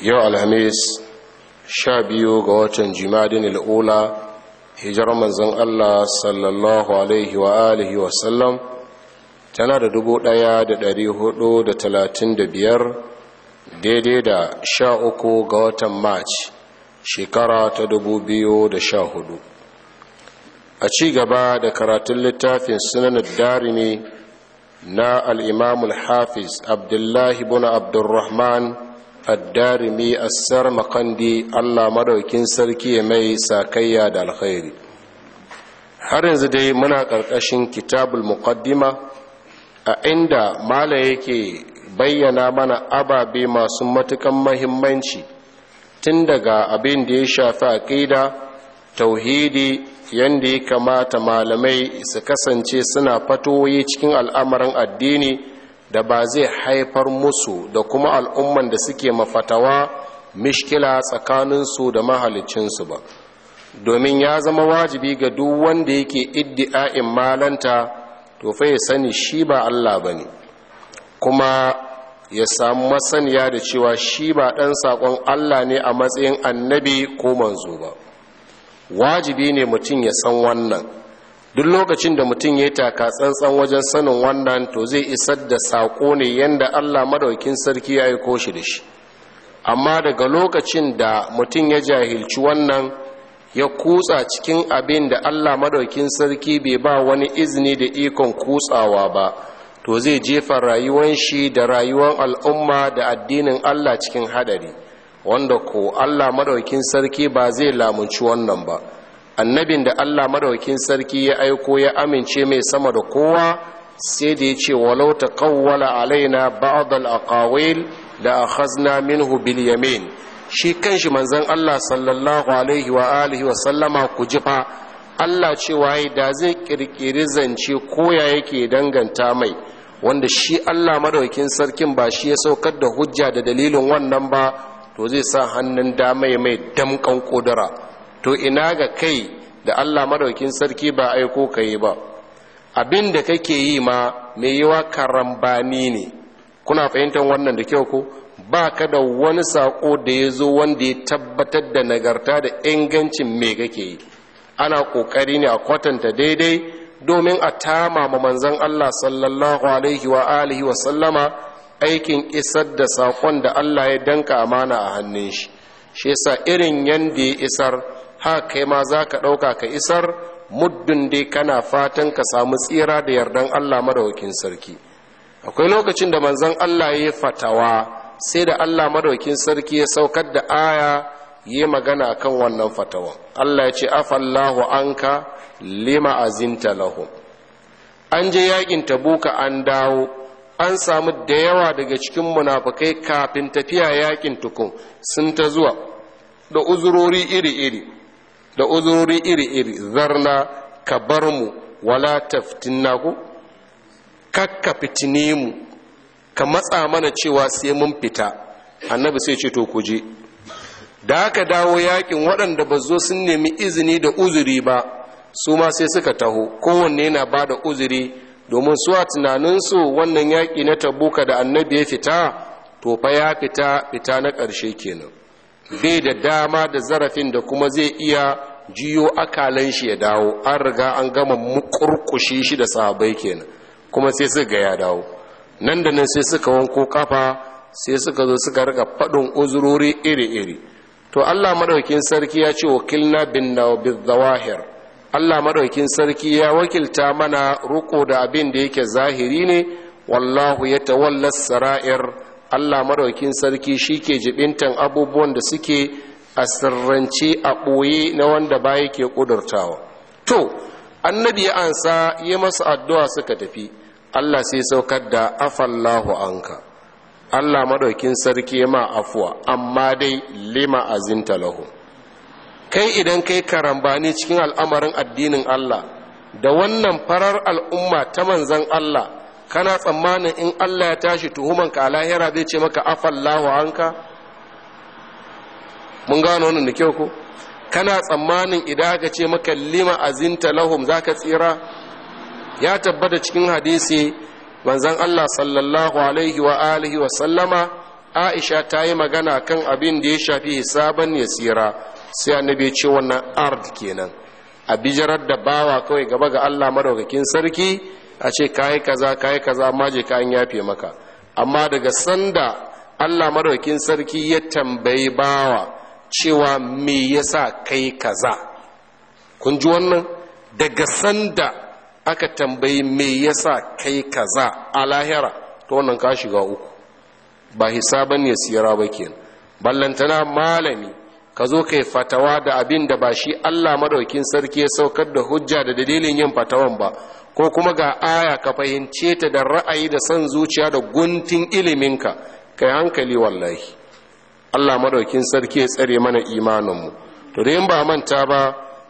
yau alhamis sha biyu ga watan jimadin al'ula hijar manzon Allah sallallahu alaihi wa alihi wa tana da dubu ɗaya da dari hudu da talatin da biyar daidai da sha uku ga watan march shekara ta dubu biyu da sha hudu a ci gaba da karatun littafin sunanar darimi na al'imamul hafiz abdullahi buna abdurrahman addarimi assar makandi allah madaukin sarki mai sakayya da alkhairi har yanzu dai muna ƙarƙashin kitabul muqaddima a inda mala yake bayyana mana ababe masu matukan mahimmanci tun daga abin da ya shafi aƙida tauhidi yadda ya kamata malamai su kasance suna fatoyi cikin al'amarin addini da ba zai haifar musu da kuma al'umman da suke mafatawa mishkila tsakaninsu da mahalicinsu ba domin ya zama wajibi ga duk wanda yake iddi'a'in malanta to fa ya sani shi ba Allah ba kuma ya samu masaniya da cewa shi ba ɗan saƙon Allah ne a matsayin annabi ko manzo ba wajibi ne mutum ya san wannan duk lokacin da mutum ya taka tsantsan wajen sanin wannan to zai isar da saƙo ne yadda allah maɗaukin sarki ya yi koshi da shi amma daga lokacin da mutum ya jahilci wannan ya kutsa cikin abin da allah maɗaukin sarki bai ba wani izini da ikon kutsawa ba to zai jefa rayuwan shi da rayuwan al'umma da addinin allah cikin hadari wanda ko allah maɗaukin sarki ba zai lamunci wannan ba annabin da allah madaukin sarki ya aiko ya amince mai sama da kowa sai da ya ce walau ta kawwala alaina ba'adal aqawil da a hazna minhu bil yamin shi kanshi manzon allah sallallahu alaihi wa alihi wa sallama ku jifa allah ce cewa da zai kirkiri zance ko ya yake danganta mai wanda shi Allah madaukin sarkin ba shi ya saukar da hujja da dalilin wannan ba to zai sa hannun dama mai damkan kodara to ina ga kai da Allah madaukin sarki ba aiko ka yi ba abin da kake yi ma mai yiwa karambani ne kuna fahimtar wannan da kyau ko ba ka da wani sako da ya zo wanda ya tabbatar da nagarta da ingancin mai kake yi ana kokari ne a kwatanta daidai domin a tama ma manzon Allah sallallahu alaihi wa alihi wa sallama aikin isar da sakon da Allah ya danka amana a hannun shi shi yasa irin yanda ya isar haka kai ma za ka ɗauka ka isar muddin dai kana fatan ka samu tsira da yardan allah madawakin sarki akwai lokacin da manzon allah ya fatawa sai da allah madawakin sarki ya saukar da aya yi magana kan wannan fatawan allah ya ce afallahu anka lima azinta lahu. an je yakin tabuka an dawo an samu da yawa daga cikin munafukai kafin tafiya yakin tukun sun ta zuwa da uzurori iri-iri da uzuri iri-iri zarna ka bar mu wala taftinna ku kakka fitine mu ka matsa mana cewa sai mun fita annabi sai ce to ku je da aka dawo yakin waɗanda ba zo sun nemi izini da uzuri ba su ma sai suka taho kowanne yana ba da uzuri domin su a tunaninsu wannan yaƙi na tabuka da annabi ya fita to fa ya fita fita na ƙarshe kenan bai da dama da zarafin da kuma zai iya jiyo akalan shi ya dawo an riga an gama mukurkushi shi da sahabai kenan kuma sai suka ga ya dawo nan da nan sai suka wanko kafa sai suka zo suka riga faɗin uzurori iri-iri to allah maɗaukin sarki ya ce wakilna bin zawahir allah maɗaukin sarki ya wakilta mana ruko da abin da yake zahiri ne wallahu ya tawallar sara'ir allah maraukin sarki shi ke jibintan abubuwan da suke a sirrance a ɓoye na wanda baya ke ƙudurtawa to annabi ya ansa yi masu addu'a suka tafi allah sai saukar da afallahu anka allah maraukin sarki ma afuwa amma dai lima azinta lahu kai idan kai karambani cikin al'amarin addinin allah da wannan farar al'umma ta manzan allah kana tsammanin in Allah ya tashi tuhuman ka lahira zai ce maka afallahu anka mun gano wannan da kyau ko kana tsammanin idan aka ce maka lima azinta lahum zaka tsira ya tabbata cikin hadisi manzon Allah sallallahu alaihi wa alihi wa sallama Aisha ta yi magana kan abin da ya shafi hisaban ya tsira sai annabi ya ce wannan ard kenan a bijirar da bawa kawai gaba ga Allah madaukakin sarki a ce kayi kaza kayi kaza maje kayan yafe maka amma daga sanda Allah maraukin sarki ya tambayi bawa cewa me yasa kai kaza kun ji wannan daga sanda aka tambayi me yasa kai kaza a lahira ta wannan ka shiga uku ba hisaban ya siyara ba kenan ballantana malami ka zo kai fatawa da abin da ba shi Allah madaukin sarki ya saukar da hujja da dalilin yin fatawan ba ko kuma ga aya ka fahimce ta da ra'ayi da son zuciya da guntin iliminka kai hankali wallahi Allah madaukin sarki ya tsare mana imaninmu to dai ba manta ba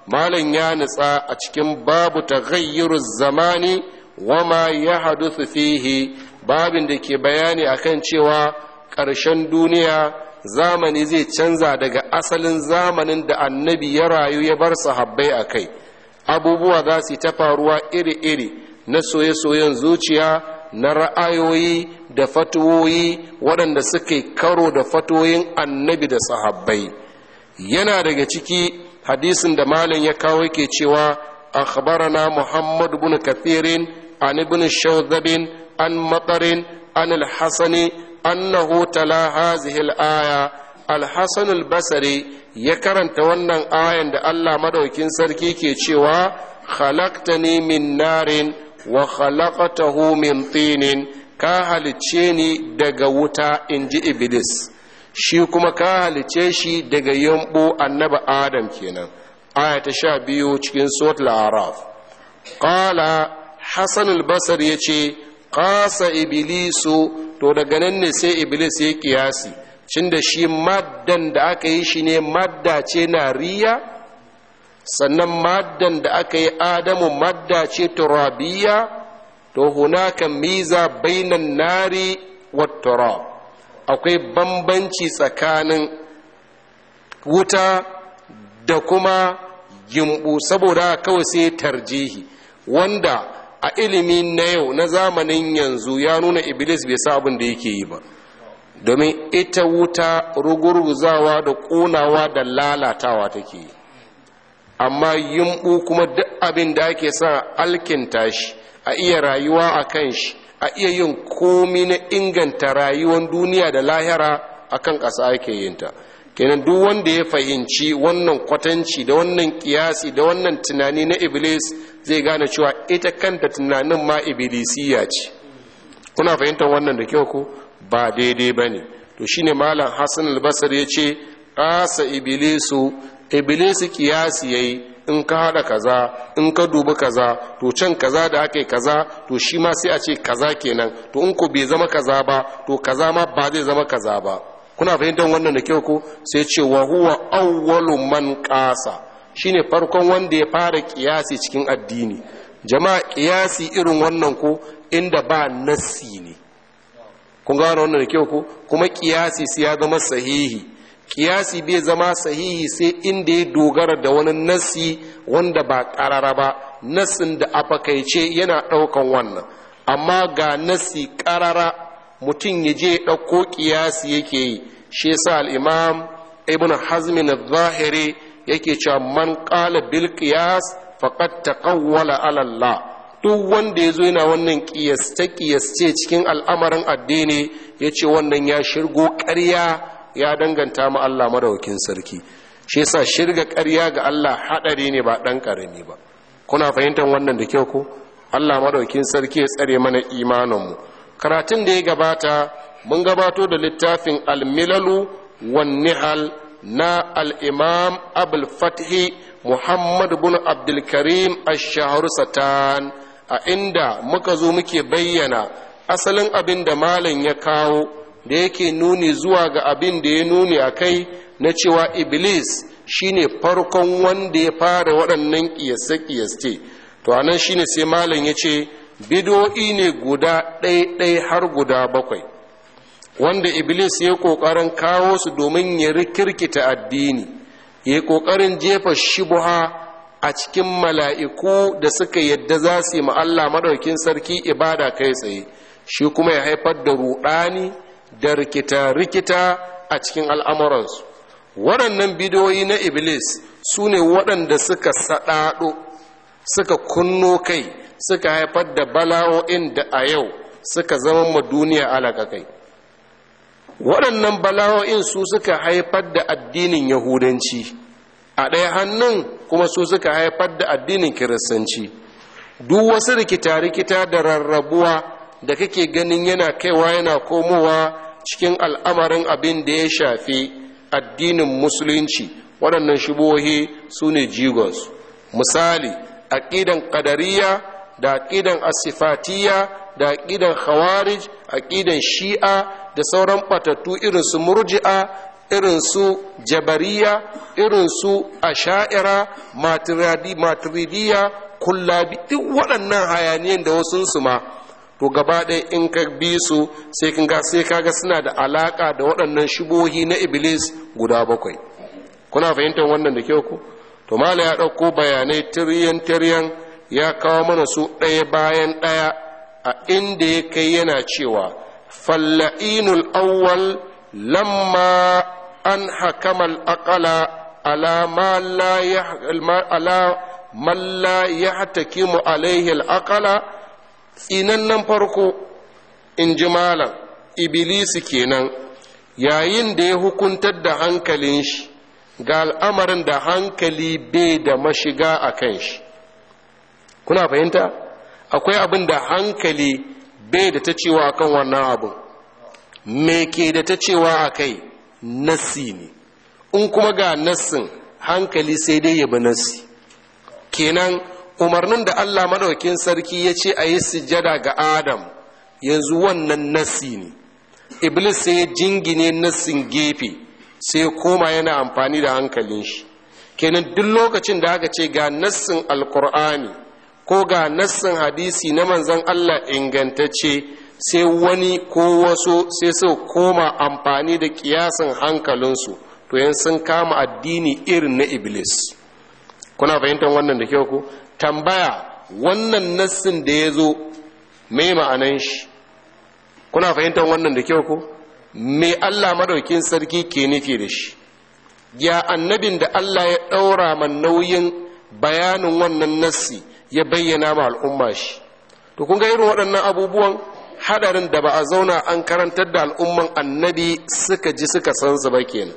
malam ya nutsa a cikin babu taghayyuru zamani wama yahduthu fihi babin da ke bayani akan cewa ƙarshen duniya zamani zai canza daga asalin zamanin da annabi ya rayu ya bar sahabbai a kai abubuwa za su ta faruwa iri-iri na soye-soyen zuciya na ra'ayoyi da fatuwoyi waɗanda suke karo da fatoyin annabi da sahabbai yana daga ciki hadisin da malin ya kawo yake cewa akhbarana muhammad bin kafirin an ibn shawzabin an matsarin an al annahu tala hazihi al-aya al ya karanta wannan ayan da Allah madaukin sarki ke cewa khalaqtani min narin wa khalaqtahu min tinin ka halice ni daga wuta inji iblis shi kuma ka halicce shi daga yambo annabi adam kenan aya ta sha biyu cikin suratul araf qala hasan al-basri yace qasa iblisu to daga nan ne sai iblis ya kiyasi cin da shi maddan da aka yi shi ne madda ce na riya sannan maddan da aka yi adamu madda ce turabiya to hunaka miza bainan nari wa turab akwai bambanci tsakanin wuta da kuma yimbu saboda kawai sai tarjihi wanda a ilimi na yau na zamanin yanzu ya nuna iblis bai sa abin da yake yi ba domin ita wuta rugurguzawa da ƙonawa da lalatawa take yi amma yunɓu kuma duk abin da ake sa alkinta shi a iya rayuwa a kan shi a iya yin komi na inganta rayuwar duniya da lahira a kan ƙasa ake yinta kenan duk wanda ya fahimci wannan kwatanci da wannan kiyasi da wannan tunani na iblis zai gane cewa ita kanta tunanin ma ibilisiya ce kuna fahimtar wannan da kyau ku ba daidai ba ne to shine malam hassan albasar ya ce ƙasa ibilisu ibilisu kiyasi ya yi in ka haɗa kaza in ka dubi kaza to can kaza da aka yi kaza to shi ma sai a ce kaza kenan to in ku bai zama kaza ba to kaza ma ba zai zama kaza ba kuna fahimtar wannan da kyau ko sai ce wa huwa awwalu man ƙasa shine farkon wanda ya fara kiyasi cikin addini jama'a kiyasi irin wannan ku inda ba nassi ne kun gano wannan da kyau ko kuma kiyasi sai ya zama sahihi kiyasi bai zama sahihi sai inda ya dogara da wani nassi wanda ba karara ba nassin da afakaice yana daukan wannan amma ga nassi karara mutum ya je ɗauko kiyasi yake yi shi yasa al-imam ibn hazmin zahiri yake cewa man qala bil qiyas faqad taqawwala ala Allah duk wanda ya zo yana wannan ƙiyasta ƙiyasce cikin al'amarin addini ce wannan ya shirgo ƙarya ya danganta ma Allah madaukin sarki shi yasa shirga ƙarya ga Allah hadari ne ba ɗan karami ba kuna fahimtar wannan da kyau ko Allah madaukin sarki ya tsare mana imanin mu karatun da ya gabata mun gabato da littafin al-milalu wan nihal na al'imam abul fathi muhammad bin abdulkarim ash satan a inda muka zo muke bayyana asalin abin da malam ya kawo da yake nuni zuwa ga abin da ya nuni a kai na cewa iblis shine farkon wanda ya fara waɗannan ƙiyasce-ƙiyasce to anan shine sai malam ya ce bido'i ne guda ɗaiɗai har guda bakwai wanda iblis ya kokarin kawo su domin ya rikirkita addini ya kokarin jefa shubha a cikin mala'iku da suka yadda za su yi ma Allah madaukin sarki ibada kai tsaye shi kuma ya haifar da ruɗani da rikita-rikita a cikin al'amuransu waɗannan bidiyoyi na iblis su ne waɗanda suka saɗaɗo suka kunno kai suka haifar da bala'o'in da a yau suka zama ma duniya alaƙa kai waɗannan bala'o'in su suka haifar da addinin yahudanci a ɗaya hannun kuma su suka haifar da addinin kiristanci duk wasu rikita-rikita da rarrabuwa da kake ganin yana kaiwa yana komowa cikin al'amarin abin da ya shafi addinin musulunci waɗannan shibohi su ne jigos misali aƙidan ƙadariya da aƙidan asifatiya da aƙidan khawarij aƙidan shi'a da sauran batattu irin su murji'a irin su jabariya irin su asha'ira maturidiya kullabi duk waɗannan hayaniyan da wasu su ma to gaba ɗaya in ka bi su sai kin ga sai kaga suna da alaka da waɗannan shibohi na iblis guda bakwai kuna fahimtar wannan da kyau ku to mala ya ɗauko bayanai tiriyan tiriyan ya kawo mana su ɗaya bayan ɗaya a inda ya kai yana cewa falla'inul awwal lamma an hakamal aqala ala ma la ala man la yahtakimu alaihi al-aqala tsinannan farko in ji malam ibilisi kenan yayin da ya hukuntar da hankalin shi ga al'amarin da hankali bai da mashiga a kan shi kuna fahimta akwai abin da hankali bai da ta cewa akan wannan abin me ke da ta cewa a kai nassi ne in kuma ga nassin hankali sai dai yabi bi nassi kenan umarnin da allah madaukin sarki ya ce a yi sujjada ga adam yanzu wannan nassi ne iblis sai ya jingine nassin gefe sai ya koma yana amfani da hankalin shi kenan duk lokacin da aka ce ga nassin alkur'ani ko ga nassin hadisi na manzon Allah ingantacce sai wani ko wasu sai su koma amfani da kiyasin hankalinsu to yin sun kama addini irin na iblis kuna fahimtar wannan da kyau ku tambaya wannan nassin da ya zo mai ma'anan shi kuna fahimtar wannan da kyau ku me Allah madaukin sarki ke nufi da shi ya annabin da Allah ya ɗaura man nauyin bayanin wannan nassi ya bayyana ma al'umma shi to kun ga irin waɗannan abubuwan hadarin da ba a zauna an karantar da al'umman annabi suka ji suka san su ba kenan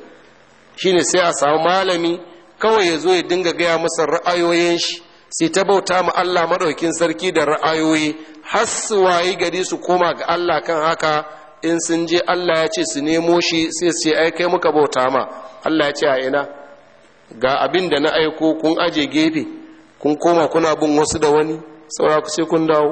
shine sai a samu malami kawai ya zo ya dinga gaya masa ra'ayoyin shi sai ta bauta ma Allah maɗaukin sarki da ra'ayoyi har su wayi gari su koma ga Allah kan haka in sun je Allah ya ce su nemo shi sai su ce ai kai muka bauta ma Allah ya ce a ina ga abin da na aiko kun aje gefe kun koma kuna bin wasu da wani saura sai kun dawo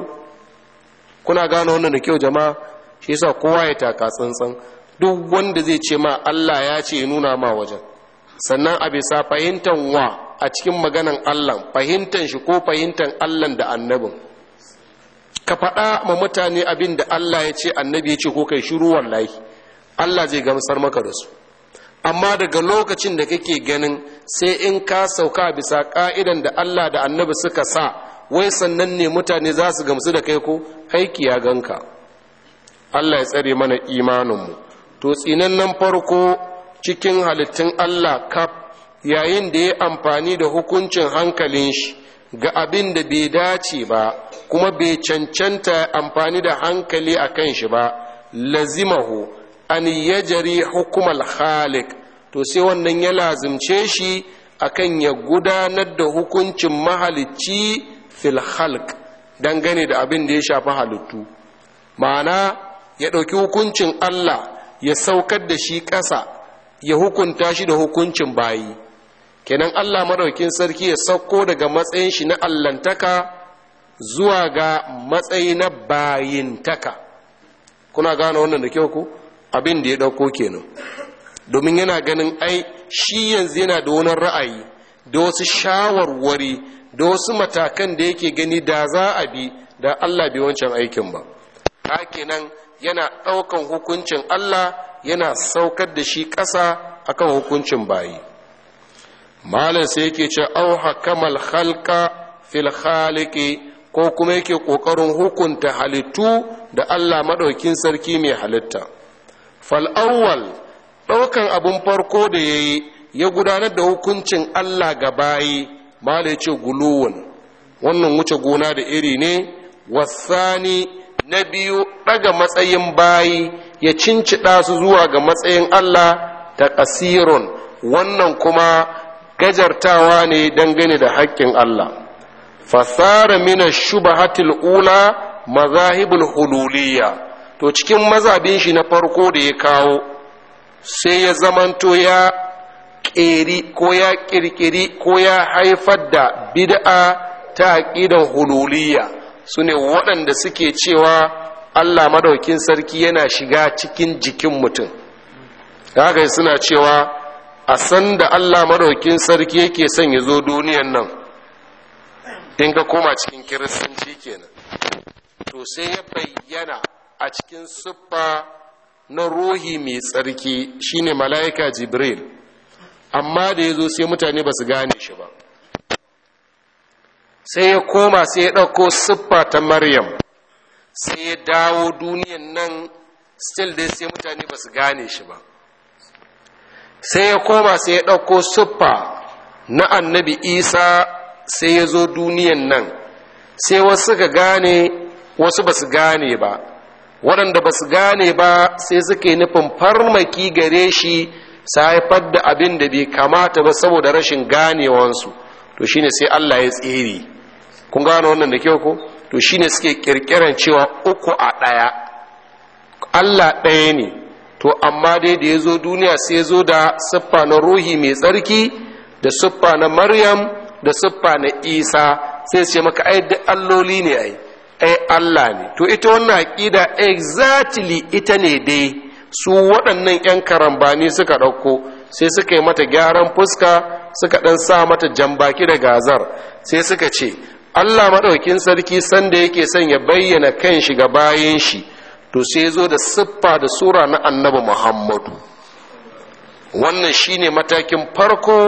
kuna gane wannan da kyau jama'a shi yasa kowa ya taka tsantsan duk wanda zai ce ma Allah ya ce nuna ma wajen sannan a bisa fahimtan wa a cikin maganan Allah fahimtan shi ko fahimtan Allah da annabin ka faɗa ma mutane abin da Allah ya ce annabi ya ce ko kai shiru wallahi Allah zai gamsar maka da su amma daga lokacin da kake ganin sai in ka sauka bisa ka'idan da Allah da annabi suka sa wai sannan ne mutane za su gamsu da kai ko aiki ya ganka Allah ya tsare mana imaninmu to tsinannen farko cikin halittun Allah kaf yayin da ya amfani da hukuncin hankalin shi ga abin da bai dace ba kuma bai cancanta amfani da hankali a kan shi ba lazimahu an jari hukumar halik to sai wannan ya lazimce shi akan ya gudanar da hukuncin mahalicci fil halk dangane da abin da ya shafi halittu ma'ana ya ɗauki hukuncin Allah ya saukar da shi ƙasa ya hukunta shi da hukuncin bayi kenan Allah maraukin sarki ya sauko daga matsayin shi na allantaka zuwa ga matsayi na bayintaka kuna gane wannan da kyau ku abin da ya ɗauko kenan domin yana ganin ai shi yanzu yana da wani ra'ayi da wasu shawarwari da wasu matakan da yake gani da za a bi da allah bi wancan aikin ba kenan yana ɗaukan hukuncin allah yana saukar da shi ƙasa akan hukuncin bayi malam sai yake ce au hakamal halka fil khaliki ko kuma yake ƙoƙarin hukunta halittu da allah maɗaukin sarki mai halitta fal'awwal ɗaukan abin farko da ya yi ya gudanar da hukuncin allah ga bayi ma da ya ce guluwun wannan wuce gona da iri ne wasani na biyu ɗaga matsayin bayi ya cincida su zuwa ga matsayin allah ta ƙasirun wannan kuma gajartawa ne dangane da haƙƙin allah fasara mina shubahatul ula mazahibul hululiyya to cikin mazabin shi na farko da ya kawo sai ya zamanto ya ƙeri ko ya ƙirƙiri ko ya haifar da bid'a ta aƙidan hululiya su ne waɗanda suke cewa allah madaukin sarki yana shiga cikin jikin mutum haka suna cewa a sanda allah madaukin sarki yake son ya zo duniyan nan in ka koma cikin kiristanci kenan to sai ya bayyana a cikin siffa na ruhi mai tsarki shine mala'ika jibril amma da ya zo sai mutane ba su gane shi ba sai ya koma sai ya ɗauko siffa ta maryam sai ya dawo duniyan nan still dai sai mutane ba su gane shi ba sai ya koma sai ya ɗauko siffa na annabi isa sai ya zo duniyan nan sai wasu ka gane wasu ba su gane ba waɗanda ba su gane ba sai suke nufin farmaki gare shi su haifar da abin da bai kamata ba saboda rashin ganewansu to shine sai Allah ya tsere kun gane wannan da kyau ko to shine suke kirkiran cewa uku a ɗaya Allah ɗaya ne to amma dai da ya zo duniya sai zo da siffa na ruhi mai tsarki da siffa na maryam da siffa na isa sai ce maka ai alloli ne ai ai Allah ne to ita wannan aqida exactly ita ne dai su waɗannan 'yan karambani suka ɗauko sai suka yi mata gyaran fuska suka ɗan sa mata jambaki da gazar sai suka ce Allah maɗaukin sarki sanda yake son ya bayyana kan shi ga bayan shi to sai zo da siffa da sura na annabi Muhammadu wannan shine matakin farko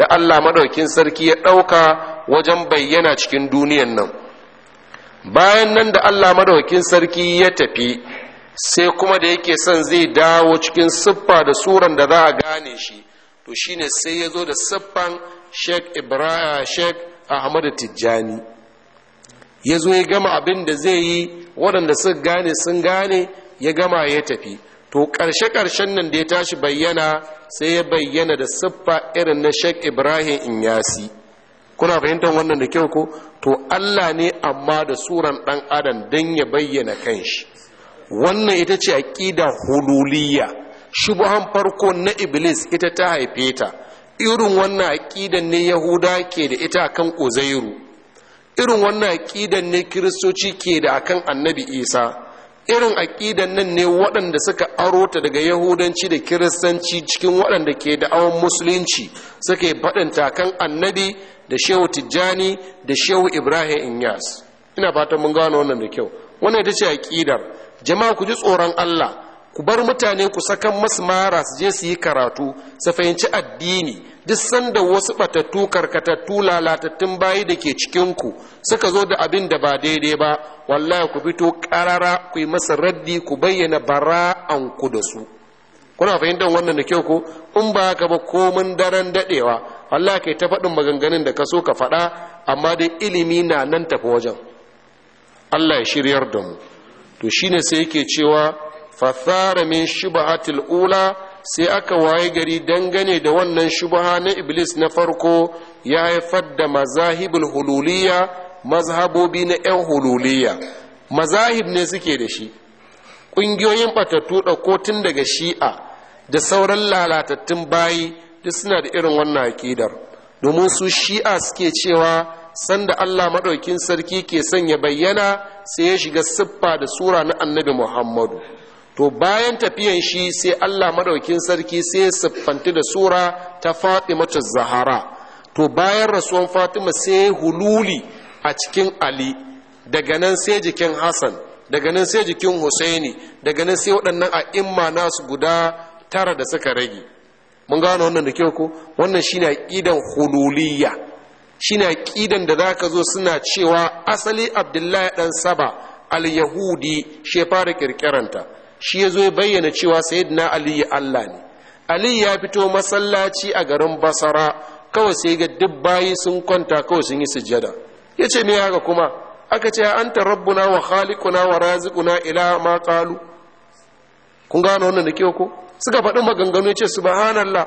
da Allah maɗaukin sarki ya ɗauka wajen bayyana cikin duniyar nan bayan nan da Allah madawakin sarki ya tafi sai kuma da yake son zai dawo cikin siffa da suran da za a gane shi to shine sai ya zo da siffan Sheikh Ibrahim Sheikh Ahmad Tijjani ya zo ya gama abin da zai yi waɗanda suka gane sun gane ya gama ya tafi to ƙarshe-ƙarshen nan da ya tashi bayyana sai ya bayyana da siffa irin na Sheikh Ibrahim Inyasi kuna fahimtar wannan da kyau ko to Allah ne amma da suran dan adam dan ya bayyana kanshi wannan ita ce aqida hululiyya shubuhan farko na iblis ita ta haife ta irin wannan aqidan ne yahuda ke da ita kan uzairu irin wannan aqidan ne kiristoci ke da akan annabi isa irin aƙidan nan ne waɗanda suka aro ta daga yahudanci da kiristanci cikin waɗanda ke da da'awan musulunci yi baɗin kan annabi da shehu tijjani da shehu ibrahim inyas ina fatan mun gano wannan da kyau wannan ita ce aƙidar jama'a ku ji tsoron allah ku bar mutane ku sakan masu mara su je su yi karatu su fahimci addini duk sanda wasu batattu karkatattu lalatattun bayi da ke cikinku suka zo da abin da ba daidai ba wallahi ku fito karara ku yi masa raddi ku bayyana bara'an ku da su kuna fahimtar wannan da kyau ko in ba ka ba komin daren dadewa wallahi kai ta faɗin maganganun da ka so ka faɗa amma dai ilimi na nan tafi wajen Allah ya shiryar da mu to shine sai yake cewa fathara min shubhatil ula sai aka waye gari dangane da wannan shubaha na iblis na farko ya haifar da mazahibul hululiya mazhabobi na 'yan hululiya mazahib ne suke da shi ƙungiyoyin batattu ɗauko tun daga shi'a da sauran lalatattun bayi duk suna da irin wannan aƙidar domin su shi'a suke cewa sanda allah maɗaukin sarki ke sanya bayyana sai ya shiga siffa da sura na annabi muhammadu to bayan tafiyan shi sai Allah madaukin sarki sai ya siffanti da sura ta Fatimatu Zahara to bayan rasuwan Fatima sai hululi a cikin Ali daga nan sai jikin Hassan daga nan sai jikin Husaini daga nan sai waɗannan a'imma nasu guda tara da suka rage mun gano wannan da kyau ko wannan shine aqidan hululiyya shine aqidan da zaka zo suna cewa asali Abdullahi dan Saba al-Yahudi shi fara ƙirƙiranta. shi ya zo ya bayyana cewa sayyidina ali allah ne ali ya fito masallaci a garin basara kawai sai ga duk bayi sun kwanta kawai sun yi sujada. ya ce me haka kuma aka ce anta rabbuna wa khaliquna wa raziquna ila ma qalu kun gano wannan da ko suka faɗi maganganu ya ce subhanallah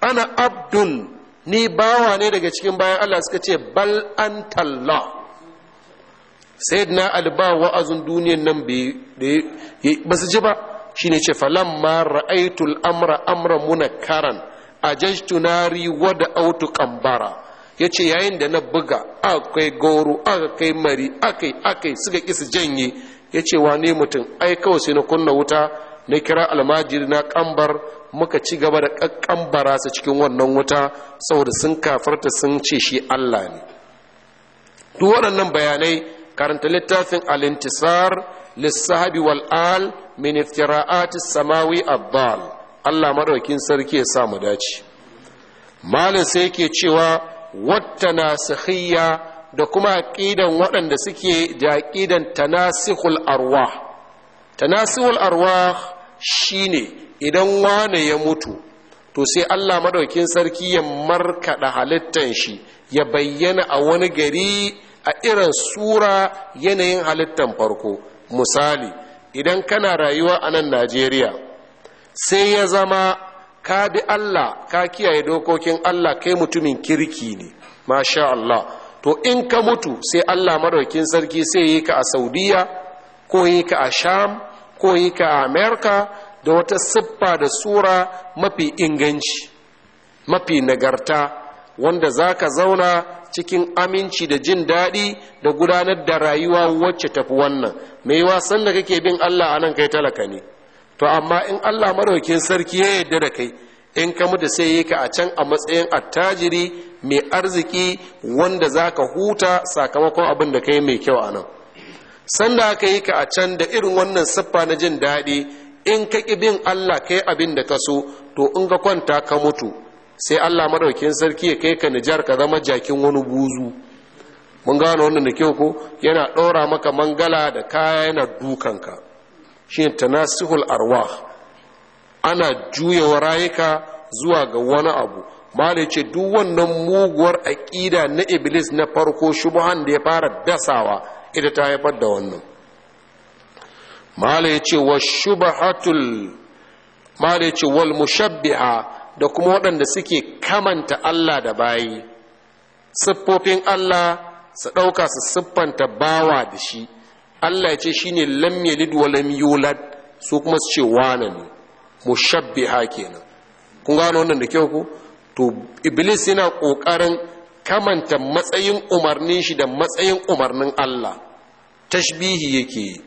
ana abdun ni bawa ne daga cikin bayan Allah suka ce bal antallah sayyidina alba ba wa'azin duniyan nan ba su ji ba shine ce ma ra'aitul amra amra munakaran ajajtu nari wada autu kambara ya ce yayin da na buga aka kai goro aka kai mari aka yi aka yi suka kisa su janye ya ce wane mutum ai kawai sai na kunna wuta na kira almajiri na kambar muka ci gaba da kakkambara su cikin wannan wuta saboda sun kafarta sun ce shi allah ne duk waɗannan bayanai karanta littafin Alintisar, intisar lissahabi wal al min iftira'ati samawi bal Allah maɗaukin sarki ya samu dace malin sai yake cewa watta nasikhiyya da kuma aqidan waɗanda suke da aqidan tanasikhul arwah tanasikhul arwah shine idan wane ya mutu to sai Allah maɗaukin sarki ya markaɗa halittan shi ya bayyana a wani gari a irin sura yanayin halittar farko misali idan kana rayuwa a nan najeriya sai ya zama ka bi allah ka kiyaye dokokin allah kai mutumin kirki ne masha allah to in ka mutu sai allah maraukin sarki sai yi ka a saudiya ko yi ka a sham ko yi ka a amerika da wata siffa da sura mafi inganci mafi nagarta wanda za ka zauna cikin aminci da jin daɗi da gudanar da rayuwa wacce tafi wannan mai wasan da kake bin Allah a nan kai talaka ne to amma in Allah maraukin sarki ya yarda da kai in ka mutu sai yi ka a can a matsayin attajiri mai arziki wanda za ka huta sakamakon abin da ka yi mai kyau a nan sanda aka yi ka a can da irin wannan siffa na jin daɗi in ka ƙi bin allah ka yi abin da ka so to in ka kwanta ka mutu sai allah madaukin sarki ya kai ka nijar ka zama jakin wani buzu mun gano wannan da kyau ko yana ɗora maka mangala da kaya yana dukanka shi tanasihul arwa ana juyawa rayuka zuwa ga wani abu da ce duk wannan muguwar aƙida na iblis na farko shubuhan da ya fara dasawa ita ta haifar da wannan ya ce wa shubahatul ya ce wal mushabbiha da kuma waɗanda suke kamanta Allah da bayi siffofin Allah su ɗauka su siffanta bawa da shi Allah ya ce shi ne lam yalid wa su kuma su ce wane ne Mu mushabbiha kenan kun gano wannan da kyau ku to iblis yana ƙoƙarin kamanta matsayin umarnin shi da matsayin umarnin Allah tashbihi yake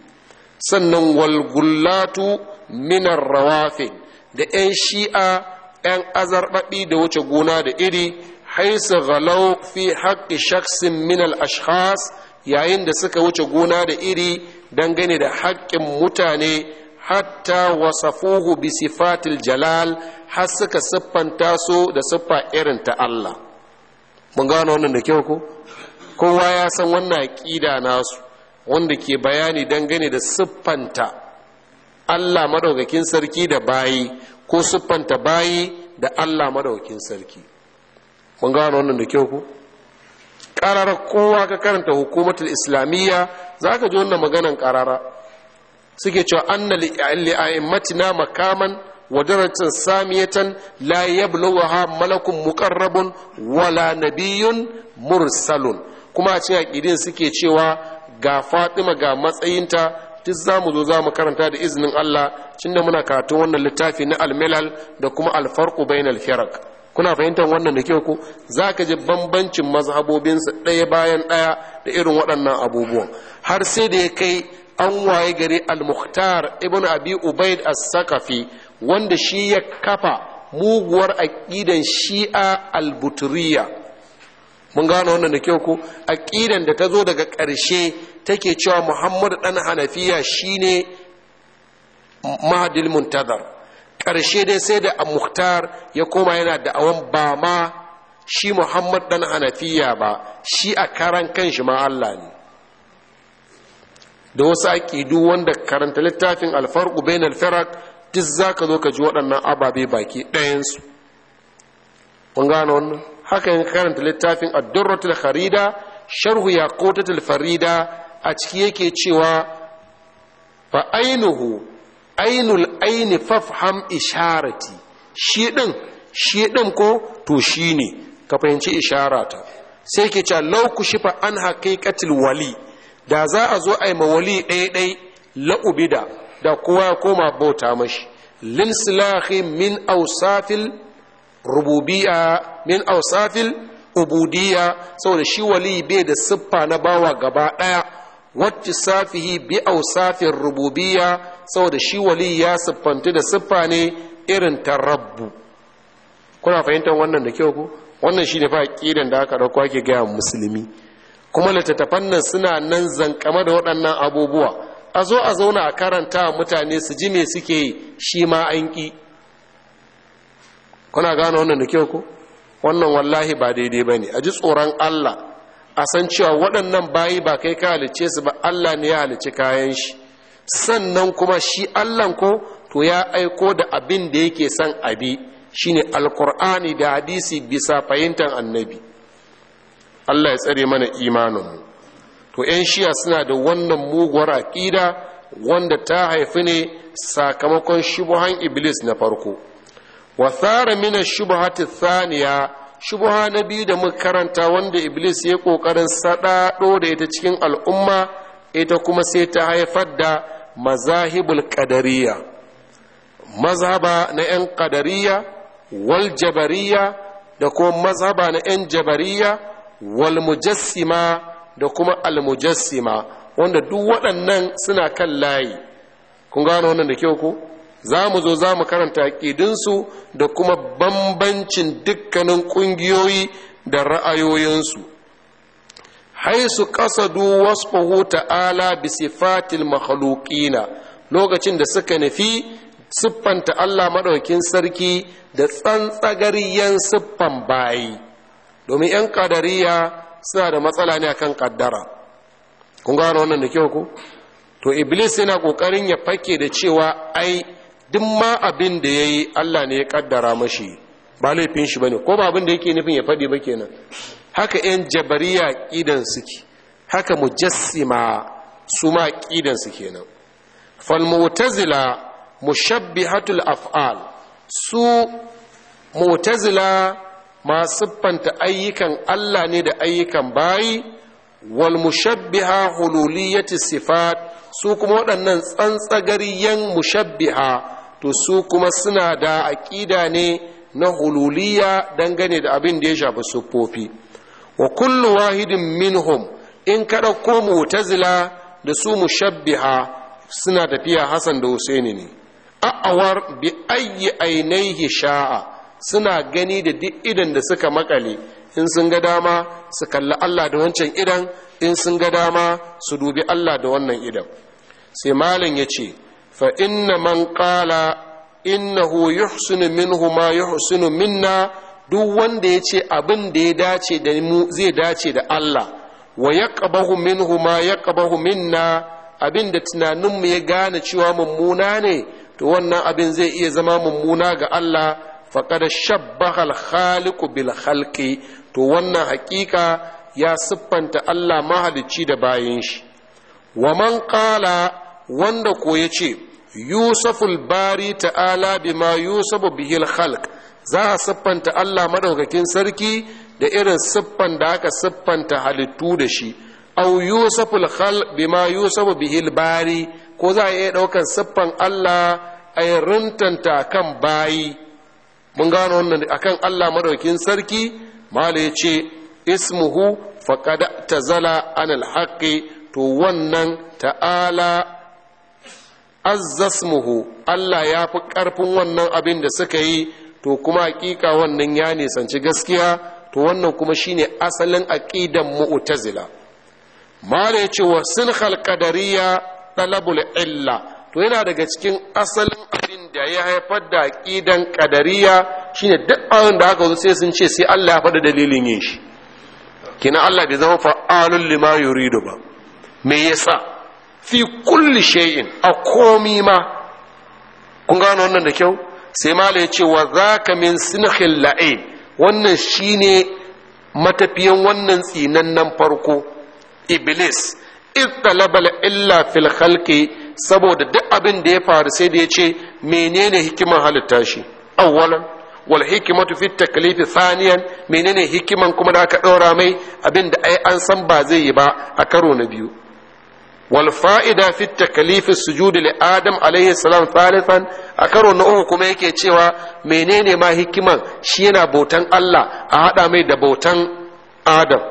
sannan walgullatu minar rawafin da 'yan shi'a 'yan azarɓaɗi da wuce gona da iri haisa ghalau fi haƙƙi shaksin minal ashkhas yayin da suka wuce gona da iri dangane da haƙƙin mutane hatta wasafuhu bi sifatil jalal har suka siffanta su da siffa irin ta Allah mun gano wannan da kyau ko kowa ya san wannan aƙida nasu wanda ke bayani dangane da siffanta Allah madaukakin sarki da bayi ko siffanta bayi da Allah madaukin sarki mun gano wannan da kyau ku karara kowa ka karanta hukumatul islamiyya za ka ji wannan maganan ƙarara suke cewa anna li'aimatina makaman wa samiyatan la yablughaha malakun muqarrabun wala nabiyyun mursalun kuma a cikin akidin suke cewa ga Fatima ga matsayinta duk za mu zo za mu karanta da izinin Allah cinda muna karatun wannan littafi na almilal da kuma alfarku bainal firak kuna fahimtar wannan da kyau ko za ka ji bambancin mazhabobinsu ɗaya bayan ɗaya da irin waɗannan abubuwan har sai da ya kai an waye gari al-mukhtar ibn abi ubaid as-sakafi wanda shi ya kafa muguwar aƙidan shi'a al-buturiya mun gano wannan da kyau ko aqidan da ta zo daga ƙarshe take cewa muhammadu ɗan hanafiya shine mahadil muntazar ƙarshe dai sai da muhtar ya koma yana da awon ba ma shi muhammad ɗan hanafiya ba shi a karan kan shi ma Allah ne da wasu aƙidu wanda karanta littafin alfarku bain alfarak duk za ka zo ka ji waɗannan ababe baki ɗayansu kun gano wannan haka yin karanta littafin addurratul kharida sharhu yaqutul farida a ciki yake cewa fa ainihu ainul aini fafham isharati shi din shi din ko to shi ne. ka fahimci isharata sai ke cewa shi fa an haƙiƙatil wali da za a zo a yi ma wali ɗaya la'ubida da kowa koma bauta mashi linsilahi min ausafil rububiya min ausafil ubudiya saboda shi wali bai da siffa na bawa gaba ɗaya safihi bi ausafin rububiyya saboda shi wali ya siffantu da siffa ne irin tarabbu kuna fahimtar wannan da kyau ku wannan ne fa aqidan da aka dauko ke gaya musulmi kuma littattafan nan suna nan zankama da waɗannan abubuwa a zo a zauna a karanta mutane su ji me suke shi ma an ƙi kuna gano wannan da kyau ku wannan wallahi ba daidai ba ne a ji tsoron allah a san cewa waɗannan bayi ba kai ka halice su ba allah ne ya halice kayan shi sannan kuma shi allah ko to ya aiko da abin da yake son abi shine alkur'ani da hadisi bisa fahimtar annabi allah ya tsare mana imaninmu to 'yan shiya suna da wannan muguwar aƙida wanda ta haifi ne sakamakon shubuhan iblis na farko wa tsara mina shubuhati thaniya shubuha na biyu da muka karanta wanda iblis ya kokarin saɗaɗo da ita cikin al'umma ita kuma sai ta haifar da mazahibul ƙadariya mazhaba na 'yan ƙadariya wal jabariya da kuma mazhaba na 'yan jabariya wal mujassima da kuma al wanda duk waɗannan suna kan layi kun gano wannan da kyau ko za mu zo za mu karanta aƙidinsu da kuma bambancin dukkanin ƙungiyoyi da ra'ayoyinsu haisu kasadu wasfahu ta'ala bi sifatil makhluqina lokacin da suka nufi siffanta Allah maɗaukin sarki da tsantsagar 'yan siffan bayi domin 'yan ƙadariya suna da matsala ne akan ƙaddara kun gano wannan da kyau ku to iblis yana ƙoƙarin ya fake da cewa ai duk ma abin da ya yi allah ne ya kaddara mashi ba laifin shi ba ne ko ba abin da yake nufin ya faɗi ba kenan haka 'yan jabariya ƙidan suke haka mujassima su ma ƙidan su kenan falmutazila mushabbihatul af'al su mutazila masu fanta ayyukan allah ne da ayyukan bayi wal mushabbiha hululiyati sifat su kuma waɗannan tsantsagariyan mushabbiha to su kuma suna da aƙida ne na hululiya dangane da abin da ya shafi siffofi wa kullu wahidin minhum in mu ɗauko mu'tazila da su mushabbiha suna tafiya Hassan da Husaini ne a'awar bi ayyi ainihi sha'a suna gani da duk idan da suka makale in sun ga dama su kalla Allah da wancan idan in sun ga dama su dubi Allah da wannan idan sai malam ya ce fa inna man qala innahu yuhsinu minhu ma yuhsinu minna duk wanda ya ce abin da ya dace da mu zai dace da Allah wa yaqbahu minhu ma yaqbahu minna abin da tunaninmu ya gane cewa mummuna ne to wannan abin zai iya zama mummuna ga Allah faqad shabbaha al-khaliqu bil khalqi to wannan hakika ya siffanta Allah mahalicci da bayin shi wa man qala wanda ko ya ce yusuful bari ta'ala bima yusufu bihil khalq za a siffanta Allah madaukakin sarki da irin siffan da aka siffanta halittu da shi au yusuful khal bima yusufu bihil bari ko za a iya daukan siffan Allah a rintanta kan bayi mun gano wannan akan Allah madaukakin sarki mala ya ce ismuhu faqad tazala anil haqqi to wannan ta'ala azzasmuhu Allah ya fi ƙarfin wannan abin da suka yi to kuma hakika wannan ya nisanci gaskiya to wannan kuma shine asalin aqidan mu'tazila mala yace wa sinhal qadariyya talabul illa to yana daga cikin asalin abin da ya haifar da aqidan ƙadariya shine duk abin da aka zo sai sun ce sai Allah ya faɗa dalilin yin shi kina Allah bai zama fa'alul lima yuridu ba me yasa fi kulli shay'in a komi ma kun gano wannan da kyau sai mala ya ce wa zaka min sinhil la'in wannan shine matafiyan wannan tsinannen farko iblis ittalabal illa fil khalqi saboda duk abin da ya faru sai da ya ce menene hikimar halitta shi awwalan wal hikimatu fit taklifi thaniyan menene hikiman kuma da aka daura mai abin da ai an san ba zai yi ba a karo na biyu wal fa'ida fi takalif sujudi li adam alayhi salam thalithan a karo na uku kuma yake cewa menene ma hikiman shi yana bautan Allah a hada mai da bautan adam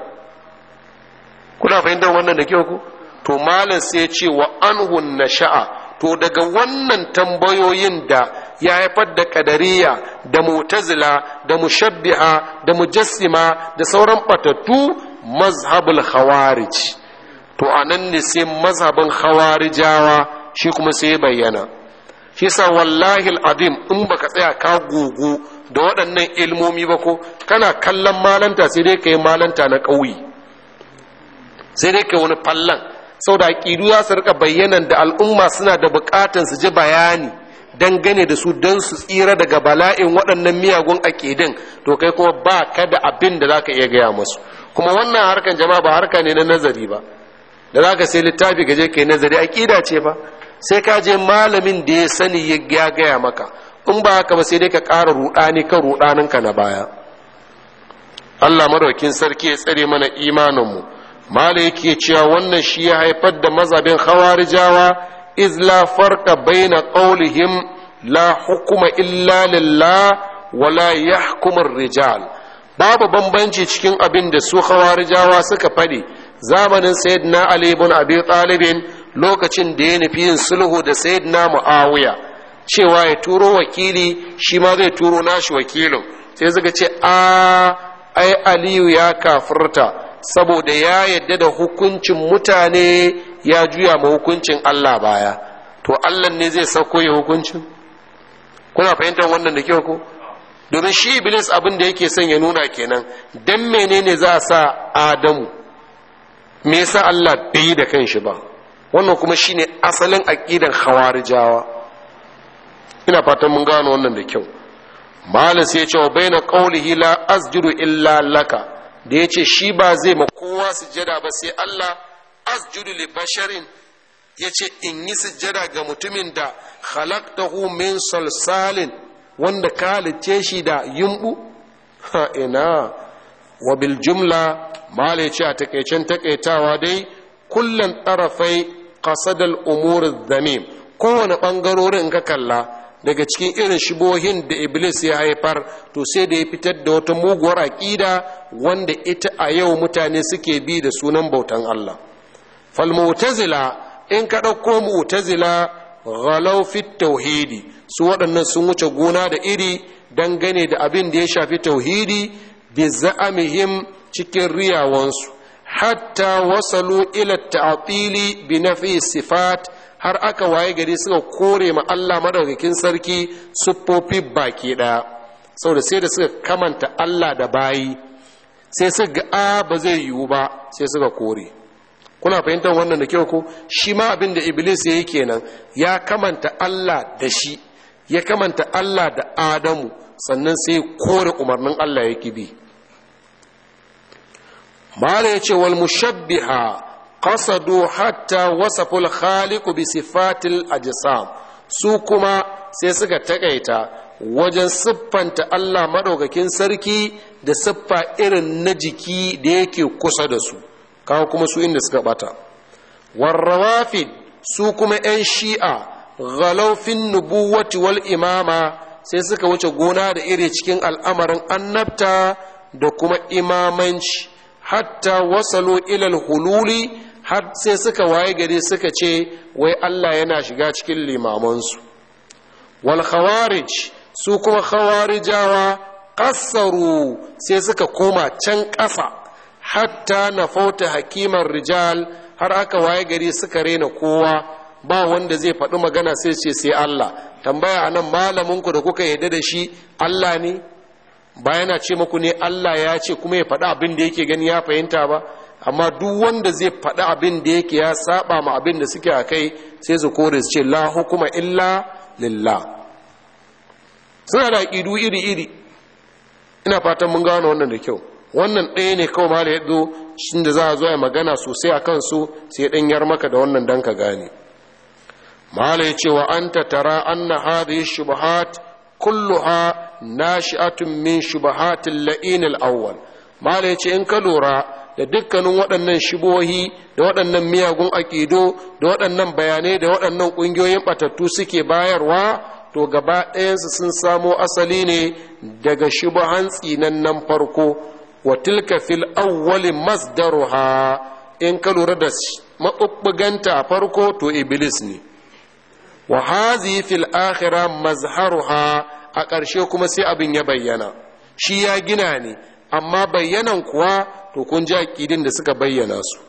kuna fahimtar wannan da kyau ku to malam sai ya ce wa anhu nasha'a to daga wannan tambayoyin da ya haifar da ƙadariya, da mutazila da mushabbi'a, da mujassima da sauran batatu, mazhabul khawarij to a nan ne sai mazhabin hawarijawa shi kuma sai bayyana shi sa wallahi al'adim in baka tsaya ka gugu da waɗannan ilmomi ba ko kana kallon malanta sai dai ka yi malanta na ƙauye sai dai ka wani fallon sau da aƙidu za su rika bayyanan da al'umma suna da buƙatan su ji bayani dangane da su don su tsira daga bala'in waɗannan miyagun aƙidin to kai kuma ba ka da abin da za ka iya gaya masu kuma wannan harkan jama'a ba harka ne na nazari ba da za ka sai littafi ka je ka yi nazari a aƙida ce ba sai ka je malamin da ya sani ya gaya maka in ba haka ba sai dai ka ƙara ruɗani kan ruɗaninka na baya allah madaukin sarki ya tsare mana imaninmu mala yake cewa wannan shi ya haifar da mazabin khawarijawa iz la farqa baina qawlihim la hukuma illa lillah wa la yahkumu rijal babu bambanci cikin abin da su khawarijawa suka faɗi zamanin sayyidina ali ibn abi talibin lokacin da ya nufi yin sulhu da sayyidina muawiya cewa ya turo wakili shi ma zai turo nashi wakilin sai suka ce a ai aliyu ya kafirta saboda ya yadda da hukuncin mutane ya juya ma hukuncin allah baya to allah ne zai sako ya hukuncin kuna fahimtar wannan da kyau ko domin shi iblis abin da yake son ya nuna kenan dan menene za a sa adamu me yasa Allah bai da kanshi ba wannan kuma shine asalin aqidan khawarijawa ina fatan mun gano wannan da kyau malam sai ya ce wa baina qawlihi la asjudu illa laka da yace shi ba zai ma kowa sujada ba sai Allah asjudu li basharin yace in yi sujada ga mutumin da khalaqtahu min salsalin wanda ka shi da yumbu ha ina wa bil jumla male ce a takaicen takaitawa dai kullum tarafai kasadar umur zamim kowane ɓangarorin ka kalla daga cikin irin shibohin da iblis ya haifar to sai da ya fitar da wata muguwar aƙida wanda ita a yau mutane suke bi da sunan bautan Allah falmutazila in ka ɗauko mutazila ghalau fi tauhidi su waɗannan sun wuce gona da iri dangane da abin da ya shafi tauhidi bi za'amihim cikin riyawansu hatta wasalu ila ta'atili bi nafi sifat har aka waye gari suka kore ma Allah madaukakin sarki suffofi baki ɗaya saboda sai da suka kamanta Allah da bayi sai suka ga a ba zai yiwu ba sai suka kore kuna fahimtar wannan da kyau ko shi ma abin da iblis ya yi kenan ya kamanta Allah da shi ya kamanta Allah da Adamu sannan sai kore umarnin Allah ya kibi mala ya ce wal mushabbiha qasadu hatta wasaful khaliqu bi sifatil ajsam su kuma sai suka takaita wajen siffanta Allah madaukakin sarki da siffa irin na jiki da yake kusa da su kawo kuma su inda suka bata warrawafid su kuma 'yan shi'a galaufin nubuwati wal imama sai suka wuce gona da iri cikin al'amarin annabta da kuma imamanci hatta wasalu ilal hululi har sai suka waye gari suka ce wai Allah yana shiga cikin limamansu wal khawarij su kuma khawarijawa kassaru sai suka koma can ƙasa hatta na fauta hakiman rijal har aka waye gari suka rena kowa ba wanda zai faɗi magana sai ce sai Allah tambaya anan malaminku da kuka yarda da shi Allah ne ba yana ce maku ne Allah ya ce kuma ya faɗa abin da yake gani ya fahimta ba amma duk wanda zai faɗa abin da yake ya saba ma abin da suke a kai sai su kore su ce la hukuma illa lillah suna da idu iri iri ina fatan mun gano wannan da kyau wannan ɗaya ne kawai ma da ya zo shi da za a zo ya magana sosai a kansu sai ɗan yar maka da wannan dan ka gane mala ya ce wa an tattara, tara an na hadhihi shubuhat kulluha nashi'atun min shubahatil la'inil awwal mala yace in ka lura da dukkanin waɗannan shibohi da waɗannan miyagun aƙido da waɗannan bayanai da waɗannan ƙungiyoyin ɓatattu suke bayarwa to gaba ɗayansu sun samo asali ne daga shubuhan nan farko wa tilka fil awwali masdaruha in ka lura da maɓuɓɓuganta farko to iblis ne wa hazi fil akhira mazharuha a ƙarshe kuma sai abin ya bayyana shi ya gina ne amma bayyanan kuwa to kun ji aƙidin da suka bayyana su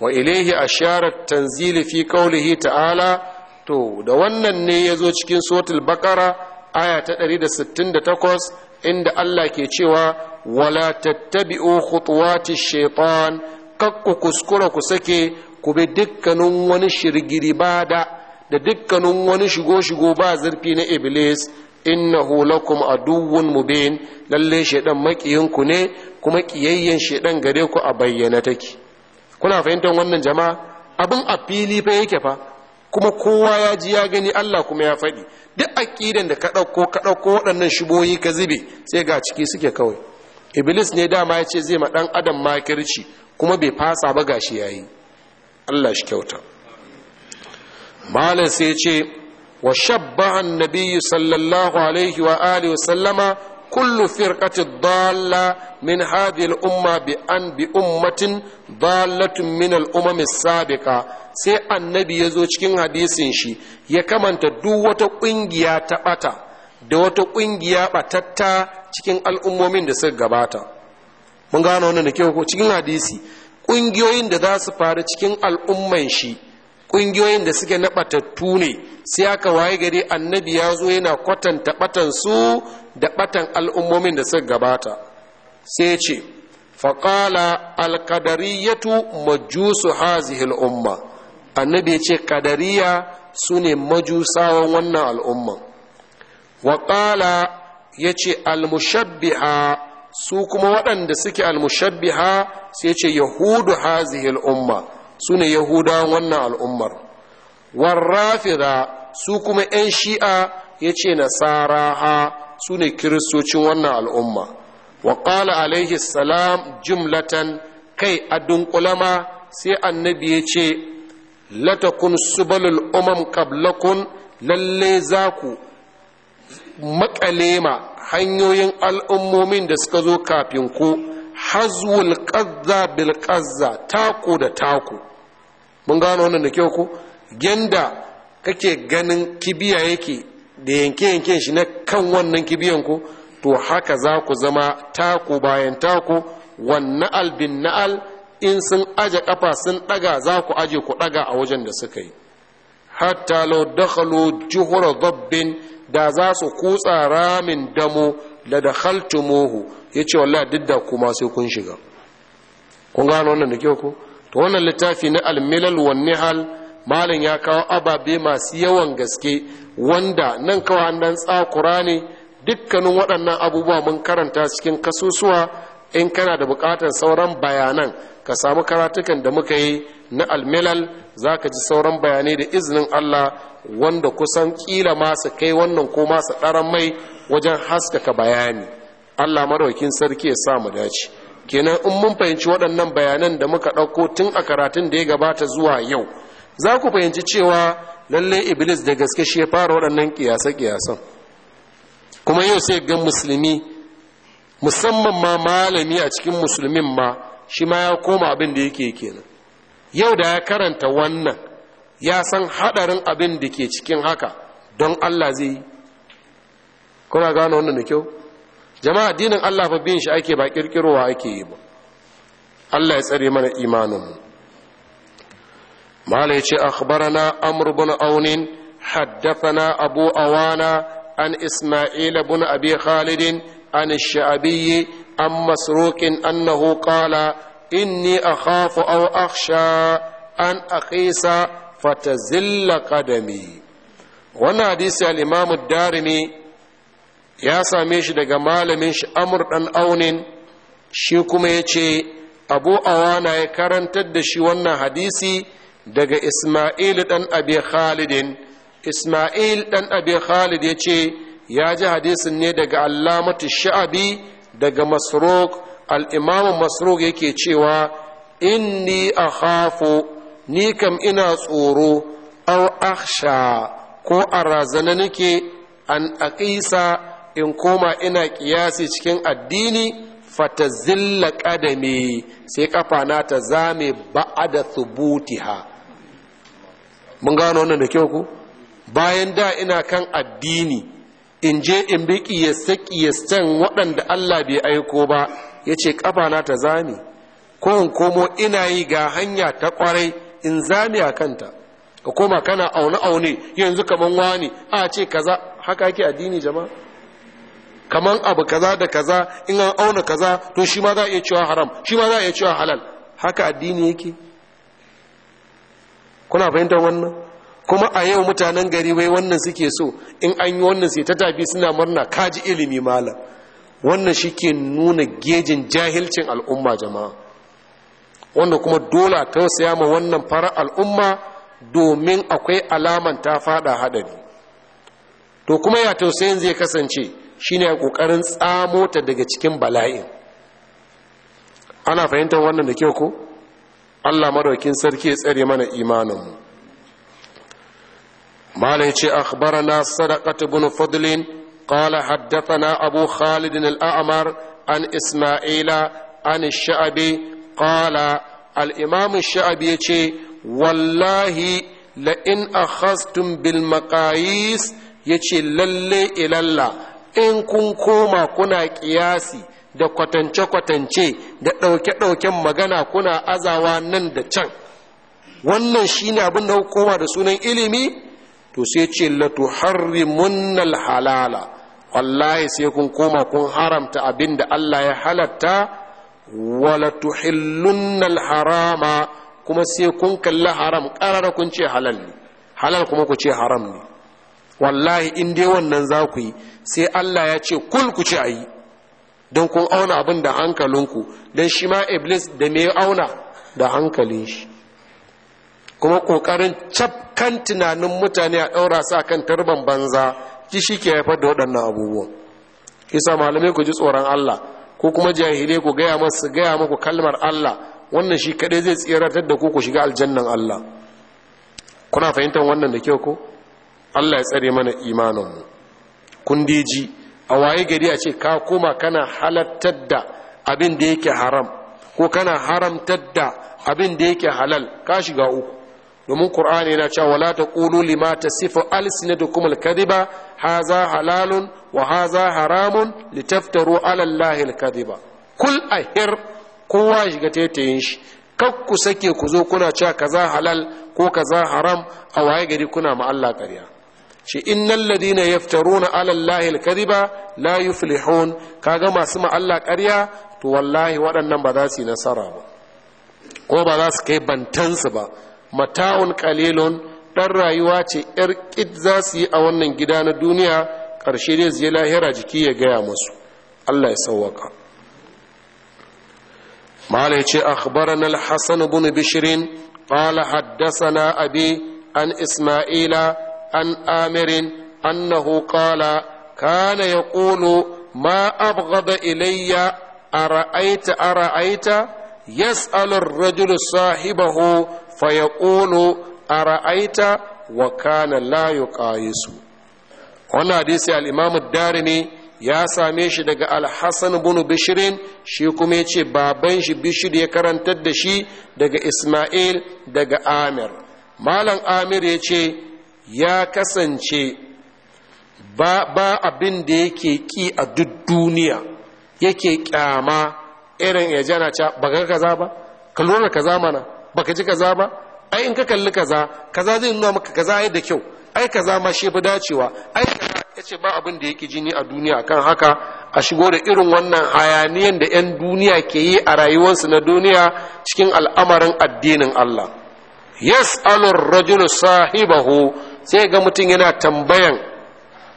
wa ilaihi asharat tanzili fi qawlihi ta'ala to da wannan ne ya zo cikin suratul baqara aya ta 168 inda Allah ke cewa wala tattabi'u khutuwati shaytan kakku kuskura ku sake ku bi dukkanin wani shirgiri bada da dukkanin wani shigo-shigo ba zurfi na iblis innahu lakum aduwwun mubin lalle shedan makiyinku ne kuma kiyayyen shedan gare ku a bayyana take kuna fahimtar wannan jama'a abin a fili fa yake fa kuma kowa ya ji ya gani Allah kuma ya faɗi duk aqidan da ka ɗauko ka ɗauko waɗannan shiboyi ka zube sai ga ciki suke kawai iblis ne dama ya ce zai ma ɗan adam makirci kuma bai fasa ba gashi yayi Allah shi kyauta malam sai ce wa النبي صلى sallallahu alaihi وآله وسلم كل kullu ضالة من min الأمة بأن بأمة bi من الأمم ummatin dallatun min يزوج umam حديث sai annabi تدو cikin hadisin shi ya kamanta duk wata da wata cikin al'ummomin da suka gabata mun gano wannan da kyau ko cikin hadisi Ƙungiyoyin da za su faru cikin al'umman shi Kungiyoyin da suke na ɓatattu ne sai aka waye gari annabi ya zo yana kwatanta batan su da batan al'ummomin da suka gabata sai ce faƙala alkadariyatu majusu hazihil umma annabi ya ce ƙadariya su ne majusawan wannan al'umman waƙala ya ce almushabbiha su kuma waɗanda suke almushabbiha sai ce yahudu hazihil umma su ne yahudawan wannan al'ummar warrafira su kuma 'yan shi'a ya ce nasara ha su ne kiristocin wannan al'umma wa ƙala alaihi salam jumlatan kai a dunkulama sai annabi ya ce latakun subalul umam kablakun lalle za ku makalema hanyoyin al'ummomin da suka zo kafin ku hazwul ƙazza bil ƙazza taku da taku mun gano wannan da kyau ko gyanda kake ganin kibiya yake da yanke yanke shi na kan wannan kibiyan ko to haka za ku zama taku bayan taku wannan bin na'al in sun aje kafa sun daga za ku aje ku daga a wajen da suka yi hatta law dakhalu juhura dabbin da za su kutsa ramin damo la dakhaltumuhu yace wallahi duk da kuma sai kun shiga kun gano wannan da kyau ko to wannan littafi na almilal wan nihal malin ya kawo ababe masu yawan gaske wanda nan an dan tsakura ne dukkanin waɗannan abubuwa mun karanta cikin kasusuwa in kana da buƙatar sauran bayanan ka samu karatukan da muka yi na almilal za ka ji sauran bayanai da izinin Allah wanda kusan kila masu kai wannan ko masu ɗaran mai wajen haskaka bayani Allah maraukin sarki ya sa mu dace kenan in mun fahimci waɗannan bayanan da muka ɗauko tun a karatun da ya gabata zuwa yau za ku fahimci cewa lallai iblis da gaske shi ya fara waɗannan ƙiyasa kiyasan kuma yau sai ga musulmi musamman ma malami a cikin musulmin ma shi ma ya koma abin da yake kenan yau da ya karanta wannan ya san haɗarin abin da ke cikin haka don allah zai yi kuna gane wannan da kyau jama'a addinin Allah fa bin shi ake ba kirkirowa ake yi ba Allah ya tsare mana imanin mu mala yace akhbarana amr ibn aun haddathana abu awana an isma'il ibn abi khalid an ash-sha'bi an masruq annahu qala inni akhafu aw akhsha an akhisa fatazilla qadami wannan hadisi al-imam ad-darimi ya same shi daga malamin shi amur ɗan aunin shi kuma ya ce abu awana ya karantar da shi wannan hadisi daga ismail ɗan abi khalidin ismail ɗan abi khalid ya ce ya ji hadisin ne daga allamatu sha'abi daga masrok al'imamun masrok yake cewa inni a ni kam ina tsoro aw aksha ko a razana nake an aƙisa in koma ina kiyasi cikin addini fata zilla ƙadame sai kafana ta zame ba'ada thubutiha mun gano wannan da kyau ku bayan da ina kan addini in je in bi ƙiyasta-ƙiyastan waɗanda Allah bai aiko ba ya ce ƙafana ta zame ko in komo ina yi ga hanya ta kwarai in zame a kanta ka koma kana aune-aune yanzu kaman wani a ce kaza haka ke addini jama'a kaman abu kaza da kaza in an auna kaza to shi ma za a iya cewa haram shi ma za a iya cewa halal haka addini yake kuna fahimtar wannan kuma a yau mutanen gari wai wannan suke so in an yi wannan sai ta tafi suna murna kaji ilimi malam wannan shi ke nuna gejin jahilcin al'umma jama'a wanda kuma dole tausaya ma wannan fara al'umma domin akwai alaman ta fada hadari to kuma ya tausayin zai kasance shine ne kokarin tsamo daga cikin bala'in ana fahimtar wannan da kyau ko Allah maraukin sarki ya tsare mana imanin mu malai ce akhbarana sadaqat ibn fadlin qala na abu khalid al-a'mar an isma'ila an Sha'abi. Kala al'imamin al ya ce yace wallahi la'in akhastum bil ya yace lalle ilalla in kun koma kuna kiyasi da kwatance-kwatance da ɗauke-ɗauken magana kuna azawa nan da can wannan shi ne abin da hukuma da sunan ilimi to sai ce latu munnal halala wallahi sai kun koma kun haramta abin da Allah ya halatta wala hillunnal harama kuma sai kun kalli haram ƙarara kun ce halal ne halal kuma ku ce haram ne wallahi in dai wannan za ku yi sai Allah ya ce kul ku ci ayi don kun auna abin da hankalinku don shi ma iblis da me auna da hankalin shi kuma ƙoƙarin cafkan tunanin mutane a ɗaura sa kan tarban banza ki shi ke haifar da waɗannan abubuwan isa malamai ku ji tsoron Allah ko kuma jahile ku gaya masu gaya muku kalmar Allah wannan shi kaɗai zai tseratar da ku ku shiga aljannan Allah kuna fahimtar wannan da kyau ko Allah ya tsare mana imaninmu kundeji a waye gari a ce ka koma kana halattar da abin da yake haram ko kana haramtar da abin da yake halal ka shiga uku domin qur'ani yana cewa wala taqulu lima tasifu alsinatukum alkadhiba haza halalun wa haza haramun litaftaru ala allahi alkadhiba kul ahir kowa shiga taitayin shi kar ku sake ku zo kuna cewa kaza halal ko kaza haram a waye gari kuna ma Allah ƙarya ce innal ladina yaftaruna ala alallahi alkadiba la yuflihun kaga masu ma Allah ƙarya to wallahi waɗannan ba za su yi nasara ba ko ba za su kai bantansu ba mata'un qalilun ɗan rayuwa ce yar ƙid za su yi a wannan gida na duniya ƙarshe dai su lahira jiki ya gaya musu Allah ya sauwaka malai ce akhbarana al-hasan ibn bishrin qala haddathana abi an isma'ila an amirin أنه قال kana يقول ما أبغض ilayya ara'aita ara'aita يسأل الرجل rajulu فيقول أرأيت ara'aita لا يقايس هنا ديسي الإمام hadisi ne ya same shi daga alhassan bunu bishirin shi kuma ya ce baban shi bishir ya karantar da shi daga ismail daga amir malam amir ya ce ya kasance ba, ba abin da yake ki a duk duniya yake kyama irin ya jana ca ka kaza ba ka lura kaza mana ba ka ji kaza ba ai in ka kalli kaza kaza zai nuna maka kaza ai da kyau ai kaza ma shi fi dacewa ai kaza yace ba abin da yake jini a duniya kan haka a shigo da irin wannan hayaniyan da 'yan duniya ke yi a rayuwarsu na duniya cikin al'amarin addinin Allah yas'alur rajulu sahibahu sai ga mutum yana tambayan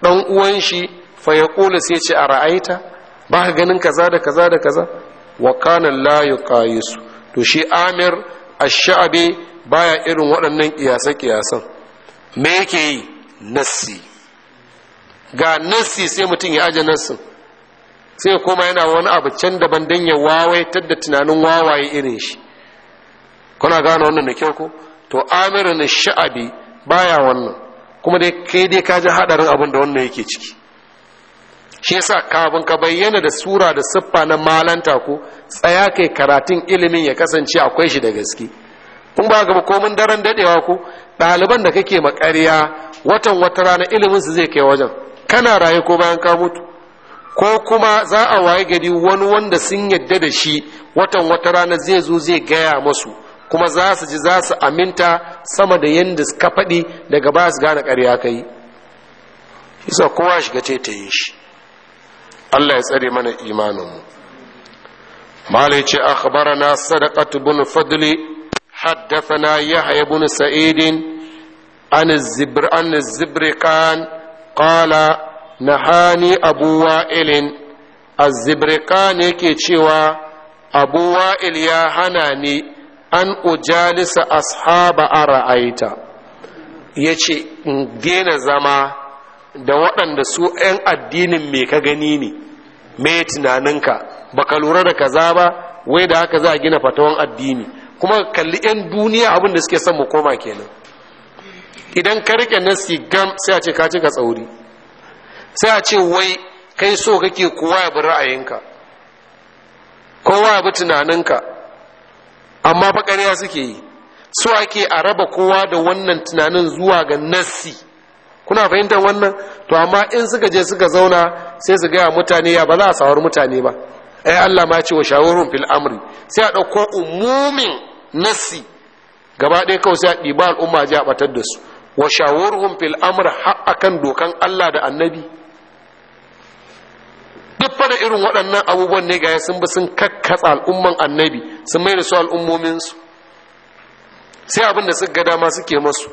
ɗan uwan shi fa ya ƙula sai ce a ra'aita ba ka ganin kaza da kaza da kaza wa kana la su to shi amir a sha'abe baya irin waɗannan ƙiyasa ƙiyasan me yake yi nassi ga nassi sai mutum ya aje nassin sai kuma yana wani abu can daban dan ya wawai da tunanin wawaye irin shi kuna gane wannan da kyau ko to amirin sha'abi baya wannan kuma dai kai dai ka ji hadarin abin da wannan yake ciki shi yasa kafin ka bayyana da sura da siffa na malanta ko tsaya kai karatun ilimin ya kasance akwai shi da gaske kun ba ga komin daren dadewa ko ɗaliban da kake makariya watan wata rana ilimin su zai kai wajen kana raye ko bayan ka mutu ko kuma za a waye gari wani wanda sun yadda da shi watan wata rana zai zo zai gaya masu kuma za su ji za su aminta sama da yadda suka faɗi daga ba su gane ƙarya kai isa kowa shiga ce ta yi shi Allah ya tsare mana imaninmu malai ce na sadaqatu bin fadli na haddathana yahya bin sa'idin عن الزبر عن الزبرقان قال نهاني أبو وائل yake cewa abuwa il ya hana ni. an ujalisa ashaba a ra'aita ya ce in daina zama da waɗanda su 'yan addinin me ka gani ne me tunaninka ba ka lura da kaza ba wai da haka za a gina fatawan addini kuma kalli 'yan duniya abin da suke son mu koma kenan idan ka rike nasi gam sai a ce ka cika tsauri sai a ce wai kai so kake kowa ya bi ra'ayinka kowa ya bi tunaninka amma fa suke yi su ake a raba kowa da wannan tunanin zuwa ga nassi kuna fahimtar wannan to amma in suka je suka zauna sai su gaya mutane ya ba za a sawar mutane ba ai Allah ma ce wa shawarun fil amri sai a ɗauko umumin nassi gaba ɗaya kawai sai a ɗiba al'umma ji a ɓatar da su wa shawarun fil amri har akan dokan Allah da annabi duk fara irin waɗannan abubuwan ne gaya sun bi sun kakkatsa al'umman annabi sun mai da su al'ummominsu sai abin da suka ga dama suke masu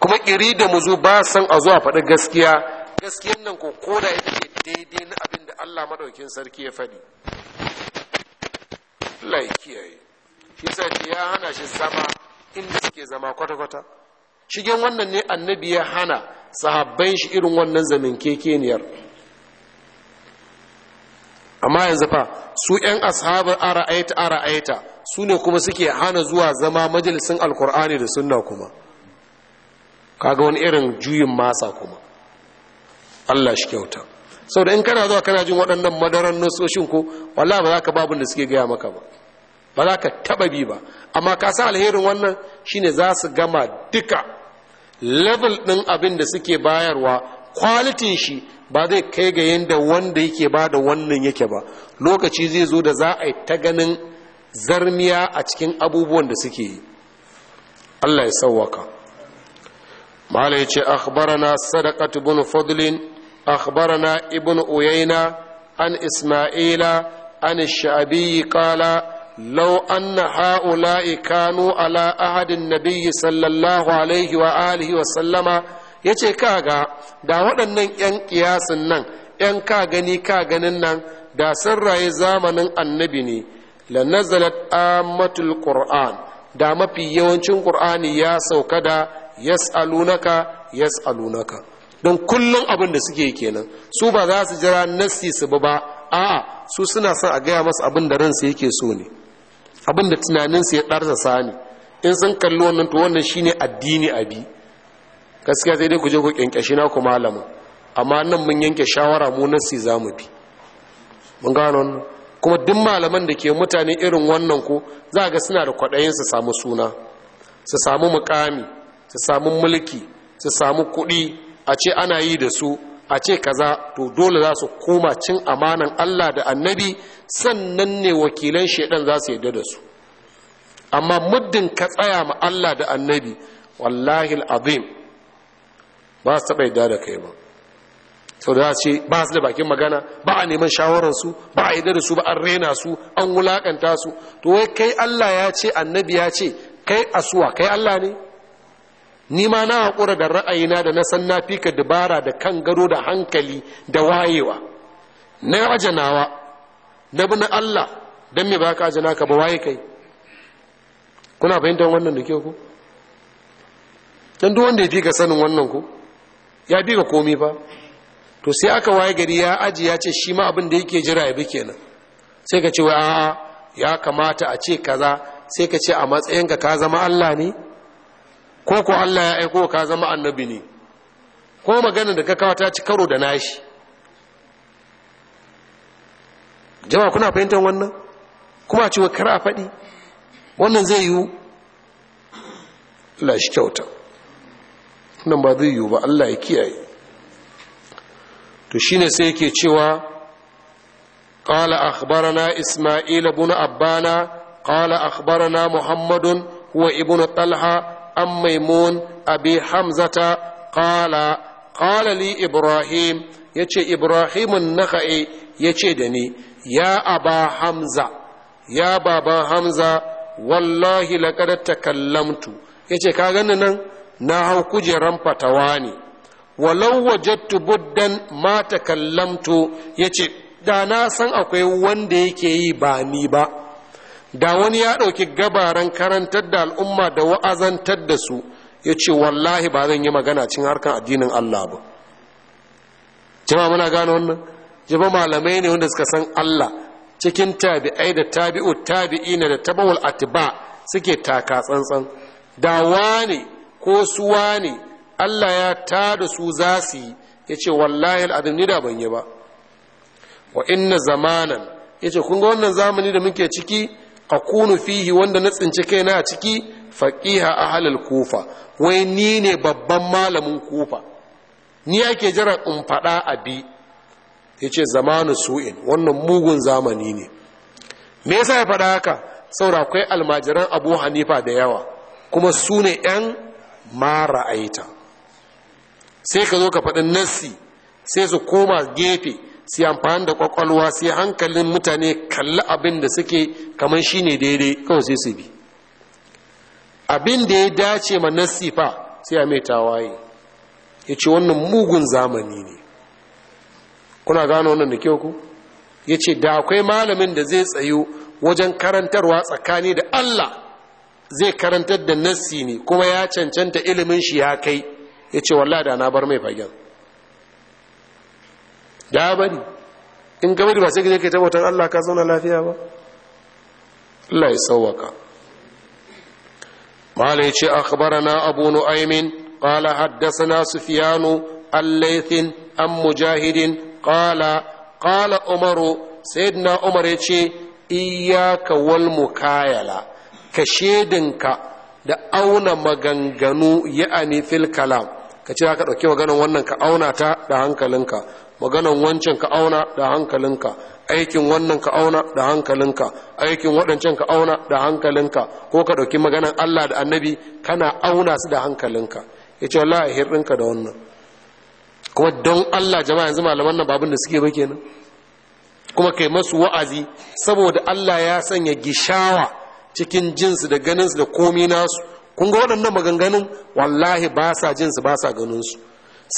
kuma ƙiri da muzu ba san a zuwa faɗi gaskiya gaskiyan nan ko koda ita ke daidai na abin da allah maɗaukin sarki ya faɗi allah ya kiyaye shi sa ya hana shi zama inda suke zama kwata-kwata shigen wannan ne annabi ya hana sahabban shi irin wannan kekeniyar. amma yanzu fa su yan ashabar ara'aita ara'aita su ne kuma suke hana zuwa zama majalisun alkur'ani da sunna kuma kaga wani irin juyin masa kuma Allah shi kyauta Sau da in kana zuwa kana jin waɗannan madarar nasoshin ko wala ba za ka babu da suke gaya maka ba ba za ka taba bi ba amma ka sa alherin wannan shine za su gama duka level ɗin abin da suke bayarwa kwalitin shi ba zai kai ga yadda wanda yake ba da wannan yake ba lokaci zai zo da za a yi ta ganin zarmiya a cikin abubuwan da suke yi allah ya sauwaka mala ya ce akhbarana sadaqat ibn fadlin akhbarana ibn uyayna an isma'ila an sha'abi qala لو ha'ula'i هؤلاء ala ahadin أحد sallallahu صلى wa alihi wa sallama. ya ce kaga da waɗannan 'yan ƙiyasin nan 'yan ka gani ka ganin nan da sun raye zamanin annabi ne la nazalat ammatul qur'an da mafi yawancin qur'ani ya sauka da yas'alunaka yas'alunaka don kullum abin da suke kenan su ba za su jira nassi su ba a'a su suna son a gaya masu abin da ransa yake so ne abin da tunaninsa ya ɗarsa sani in sun kalli wannan to wannan shine addini a abi gaskiya sai dai ku je ku kyankyashi na ku malamin amma nan mun yanke shawara mu sai za mu bi mun gano wannan kuma duk malaman da ke mutane irin wannan ko za ga suna da kwaɗayin su samu suna su samu mukami su samu mulki su samu kuɗi a ce ana yi da su a ce kaza to dole za su koma cin amanan Allah da annabi sannan ne wakilan shaidan za su yarda da su amma muddin ka tsaya ma Allah da annabi wallahi azim ba su taɓa yadda da kai ba sau da ce ba su da bakin magana ba a neman shawararsu ba a yadda da su ba an rena su an wulakanta su to wai kai allah ya ce annabi ya ce kai asuwa kai allah ne ni ma na haƙura da ra'ayina da na san na fi ka dubara da kan gado da hankali da wayewa na ajanawa na bi na allah don me ba ka ajana ka ba waye kai kuna fahimtar wannan da kyau ku don duk wanda ya fi sanin wannan ku ya bi ga komi ba to sai aka waye gari ya aji ya ce shi ma abin da yake jira ya bi kenan sai ka ce a ya kamata a ce kaza sai ka ce a matsayinka ka zama Allah ne ko ko Allah ya aiko ka zama annabi ne ko maganar da ka kawo ta ci karo da nashi jama kuna fahimtar wannan kuma wa kar a faɗi wannan zai yiwu lashi kyauta nan ba zai yiwu ba Allah ya kiyaye to shine sai yake cewa qala akhbarana isma'il ibn abbana qala akhbarana muhammadun huwa ibn talha am maimun abi hamzata qala qala li ibrahim yace ibrahim nakhai yace da ni ya aba hamza ya baba hamza wallahi laqad takallamtu yace ka gani nan na hau kujeran fatawa ne walau wajattu mata kallamto, ya ce. da na san akwai wanda yake yi ba ni ba da wani ya ɗauki gabaran karantar da al'umma da wa'azantar da su ya ce wallahi ba zan yi magana cin harkar addinin Allah ba jama muna gano wannan jama malamai ne wanda suka san Allah cikin tabi'ai da tabi'u tabi'ina da tabawul atiba suke taka tsantsan da wani ko suwa ne Allah ya ta da su za su yi ya ce wallahi al'adun ni da ban yi ba wa inna zamanan ya ce kun wannan zamani da muke ciki a kunu fihi wanda na tsinci kai na a ciki faƙiha a halal kufa wai ni ne babban malamin kufa ni ke jiran in faɗa a bi ya ce zamanu su'in wannan mugun zamani ne me yasa ya faɗa haka saura akwai almajiran abu hanifa da yawa kuma su ne 'yan ma ra'aita sai ka zo ka faɗin nassi sai su koma gefe sai amfani da kwakwalwa sai hankalin mutane kalli abin da suke kamar shine daidai kawai sai su bi abin da ya dace ma nassi fa sai a mai tawaye ya ce wannan mugun zamani ne kuna gano wannan da kyau ku ya ce da akwai malamin da zai tsayo wajen karantarwa tsakani da allah zai karantar da nassi ne kuma ya cancanta ilimin shi ya kai ya ce wallah da na bar mai fagen da bari in gabari ba sai ka je ka Allah ka zauna lafiya ba Allah ya sauwaka mala yace akhbarana abu nu'aymin qala haddathana sufyanu al-laythin am mujahidin qala qala umaru sayyidina umar ya ce iyyaka wal mukayala ka shedinka da auna maganganu ya'ani fil kalam ka ce ka ɗauki maganan wannan ka auna ta da hankalinka maganan wancan ka auna da hankalinka aikin wannan ka auna da hankalinka aikin waɗancan ka auna da hankalinka ko ka ɗauki maganan Allah da annabi kana auna su da hankalinka ya ce wallahi hirɗinka da wannan kuma don Allah jama'a yanzu malaman nan babin da suke ba kenan kuma kai masu wa'azi saboda Allah ya sanya gishawa cikin jinsu da ganinsu da komi nasu kun ga waɗannan maganganun wallahi ba sa jinsu ba sa ganinsu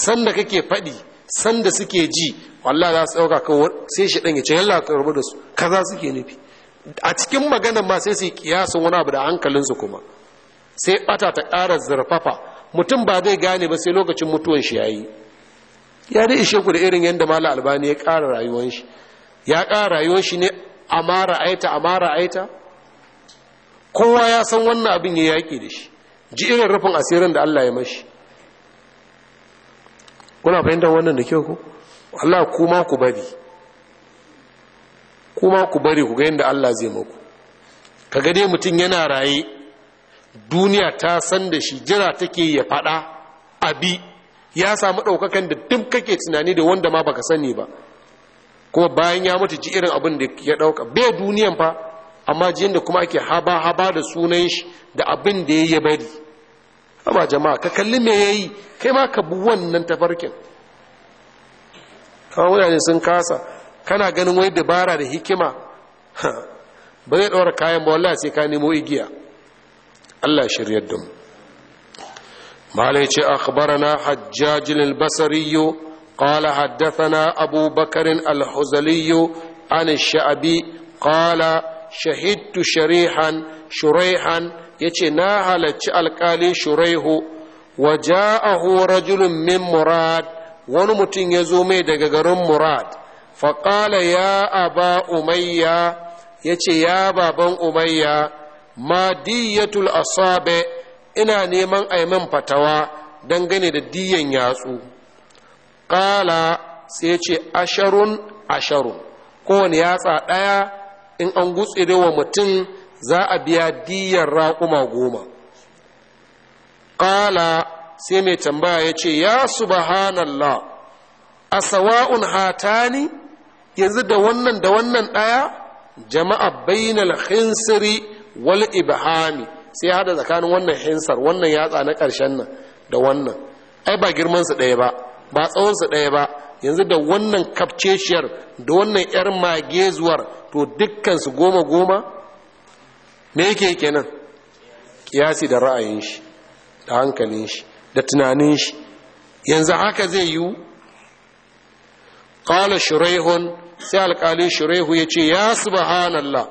sanda kake faɗi sanda suke ji wallahi za su ɗauka kawai sai shi ɗan ya yalla ka rabu da su kaza suke nufi a cikin maganan ma sai su kiyasin wani abu da hankalinsu kuma sai ɓata ta ƙara zarfafa mutum ba zai gane ba sai lokacin mutuwan shi ya yi ya dai ishe ku da irin yadda mala albani ya ƙara rayuwan shi ya ƙara rayuwan shi ne mara aita a mara aita kowa ya san wannan abin ya yaƙi da shi ji irin rufin asirin da Allah ya mashi kuna fahimtar wannan da kyau ku Allah kuma ku bari kuma ku bari ku ga yadda Allah zai muku ka gane mutum yana raye duniya ta san da shi jira take ya faɗa abi ya samu ɗaukakan da duk kake tunani da wanda ma baka sani ba kuma bayan ya mutu ji irin abin da ya ɗauka bai duniyan fa amma jiyan da kuma ake haba haba da sunan shi da abin da ya bari amma jama'a ka kalli me yayi kai ma ka bu wannan tafarkin kawai mutane sun kasa kana ganin wai dabara da hikima ba zai ɗaura kayan ba wallahi sai ka nemo igiya Allah shiryar da mu malai ce akhbarana hajjaj al-basri qala haddathana abu bakr al-huzali an ash-sha'bi qala shahidtu sharihan shuraihan yace na halarci alkali shuraihu wa ja'ahu rajulun min murad wani mutum ya zo mai daga garin murad faƙala ya aba umayya yace ce ya baban umayya ma diyatul asabe ina neman aiman fatawa dangane da diyan yatsu ƙala sai ce asharun asharun kowane yatsa ɗaya in an gutsire wa mutum za a biya diyar raƙuma goma ƙala sai mai tambaya ya ce ya subhanallah a sawa'un hatani yanzu da wannan da wannan ɗaya jama'a bainal hinsiri wal ibhami sai ya haɗa tsakanin wannan hinsar wannan yatsa na ƙarshen nan da wannan ai ba girmansu ɗaya ba ba tsawonsu ɗaya ba yanzu da wannan kafceciyar da wannan 'yar magezuwar to su goma goma me yake kenan kiyasi da ra'ayin shi da hankalin shi da tunanin shi yanzu haka zai yiwu ƙala shirehun sai alƙalin shirehu ya ce ya subhanallah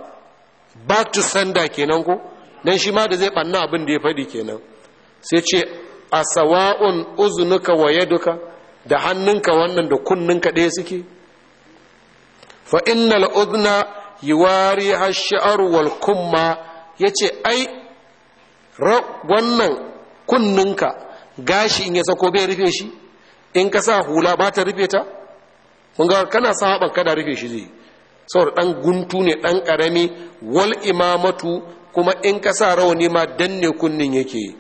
ba tu sanda kenan ko don shi ma da zai ɓanna abin da ya faɗi kenan sai ce a sawa'un uzunuka wa yaduka da hannunka wannan da kunninka ɗaya suke fa innal udna yiwari hashar wal kumma yace ai wannan kunninka gashi in ya sako bai rufe shi in ka sa hula ba ta rufe ta kun ga kana sa kada rufe shi zai saboda dan guntu ne dan karami wal imamatu kuma in ka sa rawani ma danne kunnin yake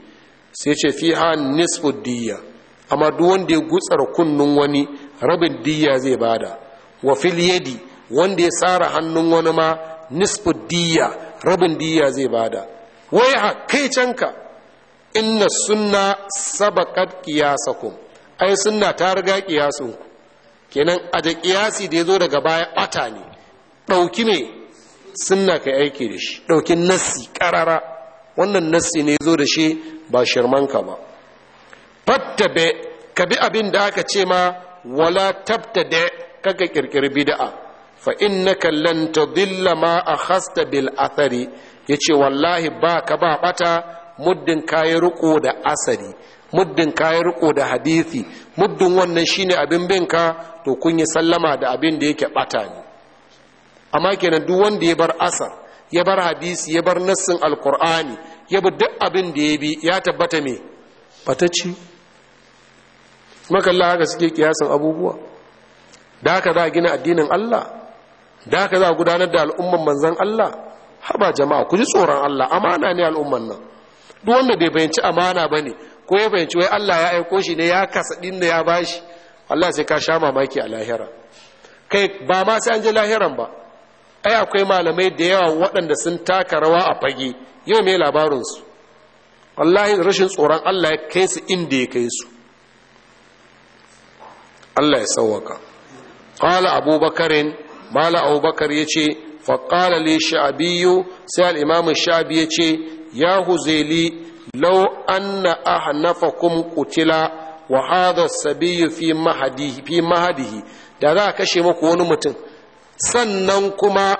sai ce fiha nisfu diyya amma duk wanda ya gutsar kunnun wani rabin diya zai bada wa fil yadi wanda ya tsara hannun wani ma nisfu diya rabin diyya zai bada Wai a kai canka inna sunna sabaqat qiyasakum ai sunna ta riga qiyasun kenan a da qiyasi da yazo daga baya ata ne dauki ne sunna kai aiki da shi dauki nassi karara wannan nassi ne yazo da shi ba shirmanka ba fattabe ka bi abin da aka ce ma wala tabtade kaka kirkiri bid'a fa innaka lan tadilla ma akhasta bil athari yace wallahi ba ka ba bata muddin kayi riƙo da asari muddin kayi riko da hadisi muddin wannan shine abin binka to kun yi sallama da abin da yake bata ne amma kenan duk wanda ya bar asar ya bar hadisi ya bar nassin alqur'ani ya bi duk abin da ya bi ya tabbata me ci makalla haka suke kiyasan abubuwa da haka za a gina addinin Allah da haka za a gudanar da al'umman manzan Allah haba jama'a ku ji tsoron Allah amana ne al'umman nan duk wanda bai fahimci amana ba ne ko ya fahimci wai Allah ya aiko shi ne ya kasa din da ya bashi Allah sai ka sha mamaki a lahira kai ba ma sai an je lahiran ba ai akwai malamai da yawa waɗanda sun taka rawa a fage yau mai labarinsu wallahi rashin tsoron Allah ya kai su inda ya kai su Allah ya sauwaka qala abubakarin mala abubakar yace fa qala li sha'biyu sai al-imam sha'bi yace ya huzeli law anna ahnafakum qutila wa hadha as-sabiy fi mahadihi fi mahadihi da za kashe muku wani mutum sannan kuma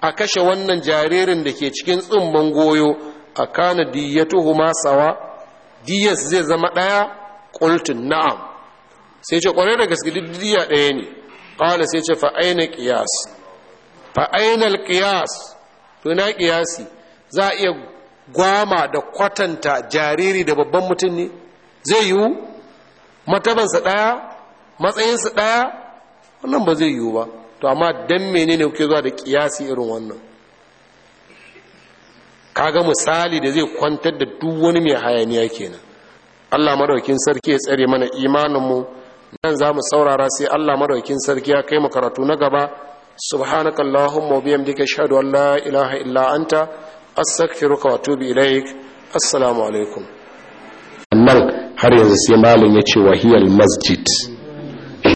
a kashe wannan jaririn da ke cikin tsumban goyo a kana diyatuhuma sawa diyas zai zama daya qultu na'am sai ce kwarai da gaske diddiya ɗaya ne ƙala sai ce fa'aina ƙiyas fa'ainal ƙiyas to na ƙiyasi za a iya gwama da kwatanta jariri da babban mutum ne zai yiwu matabansa ɗaya matsayinsa ɗaya wannan ba zai yiwu ba to amma dan menene kuke zuwa da ƙiyasi irin wannan kaga misali da zai kwantar da duk wani mai hayaniya kenan Allah madaukin sarki ya tsare mana imaninmu mu nan za mu saurara sai allah madaukin sarki ya kai mu karatu na gaba subhanaka allahumma bihamdika ashhadu an la ilaha illa anta astaghfiruka wa atubu ilaik assalamu alaikum nan har yanzu sai malam ya ce wahiyar masjid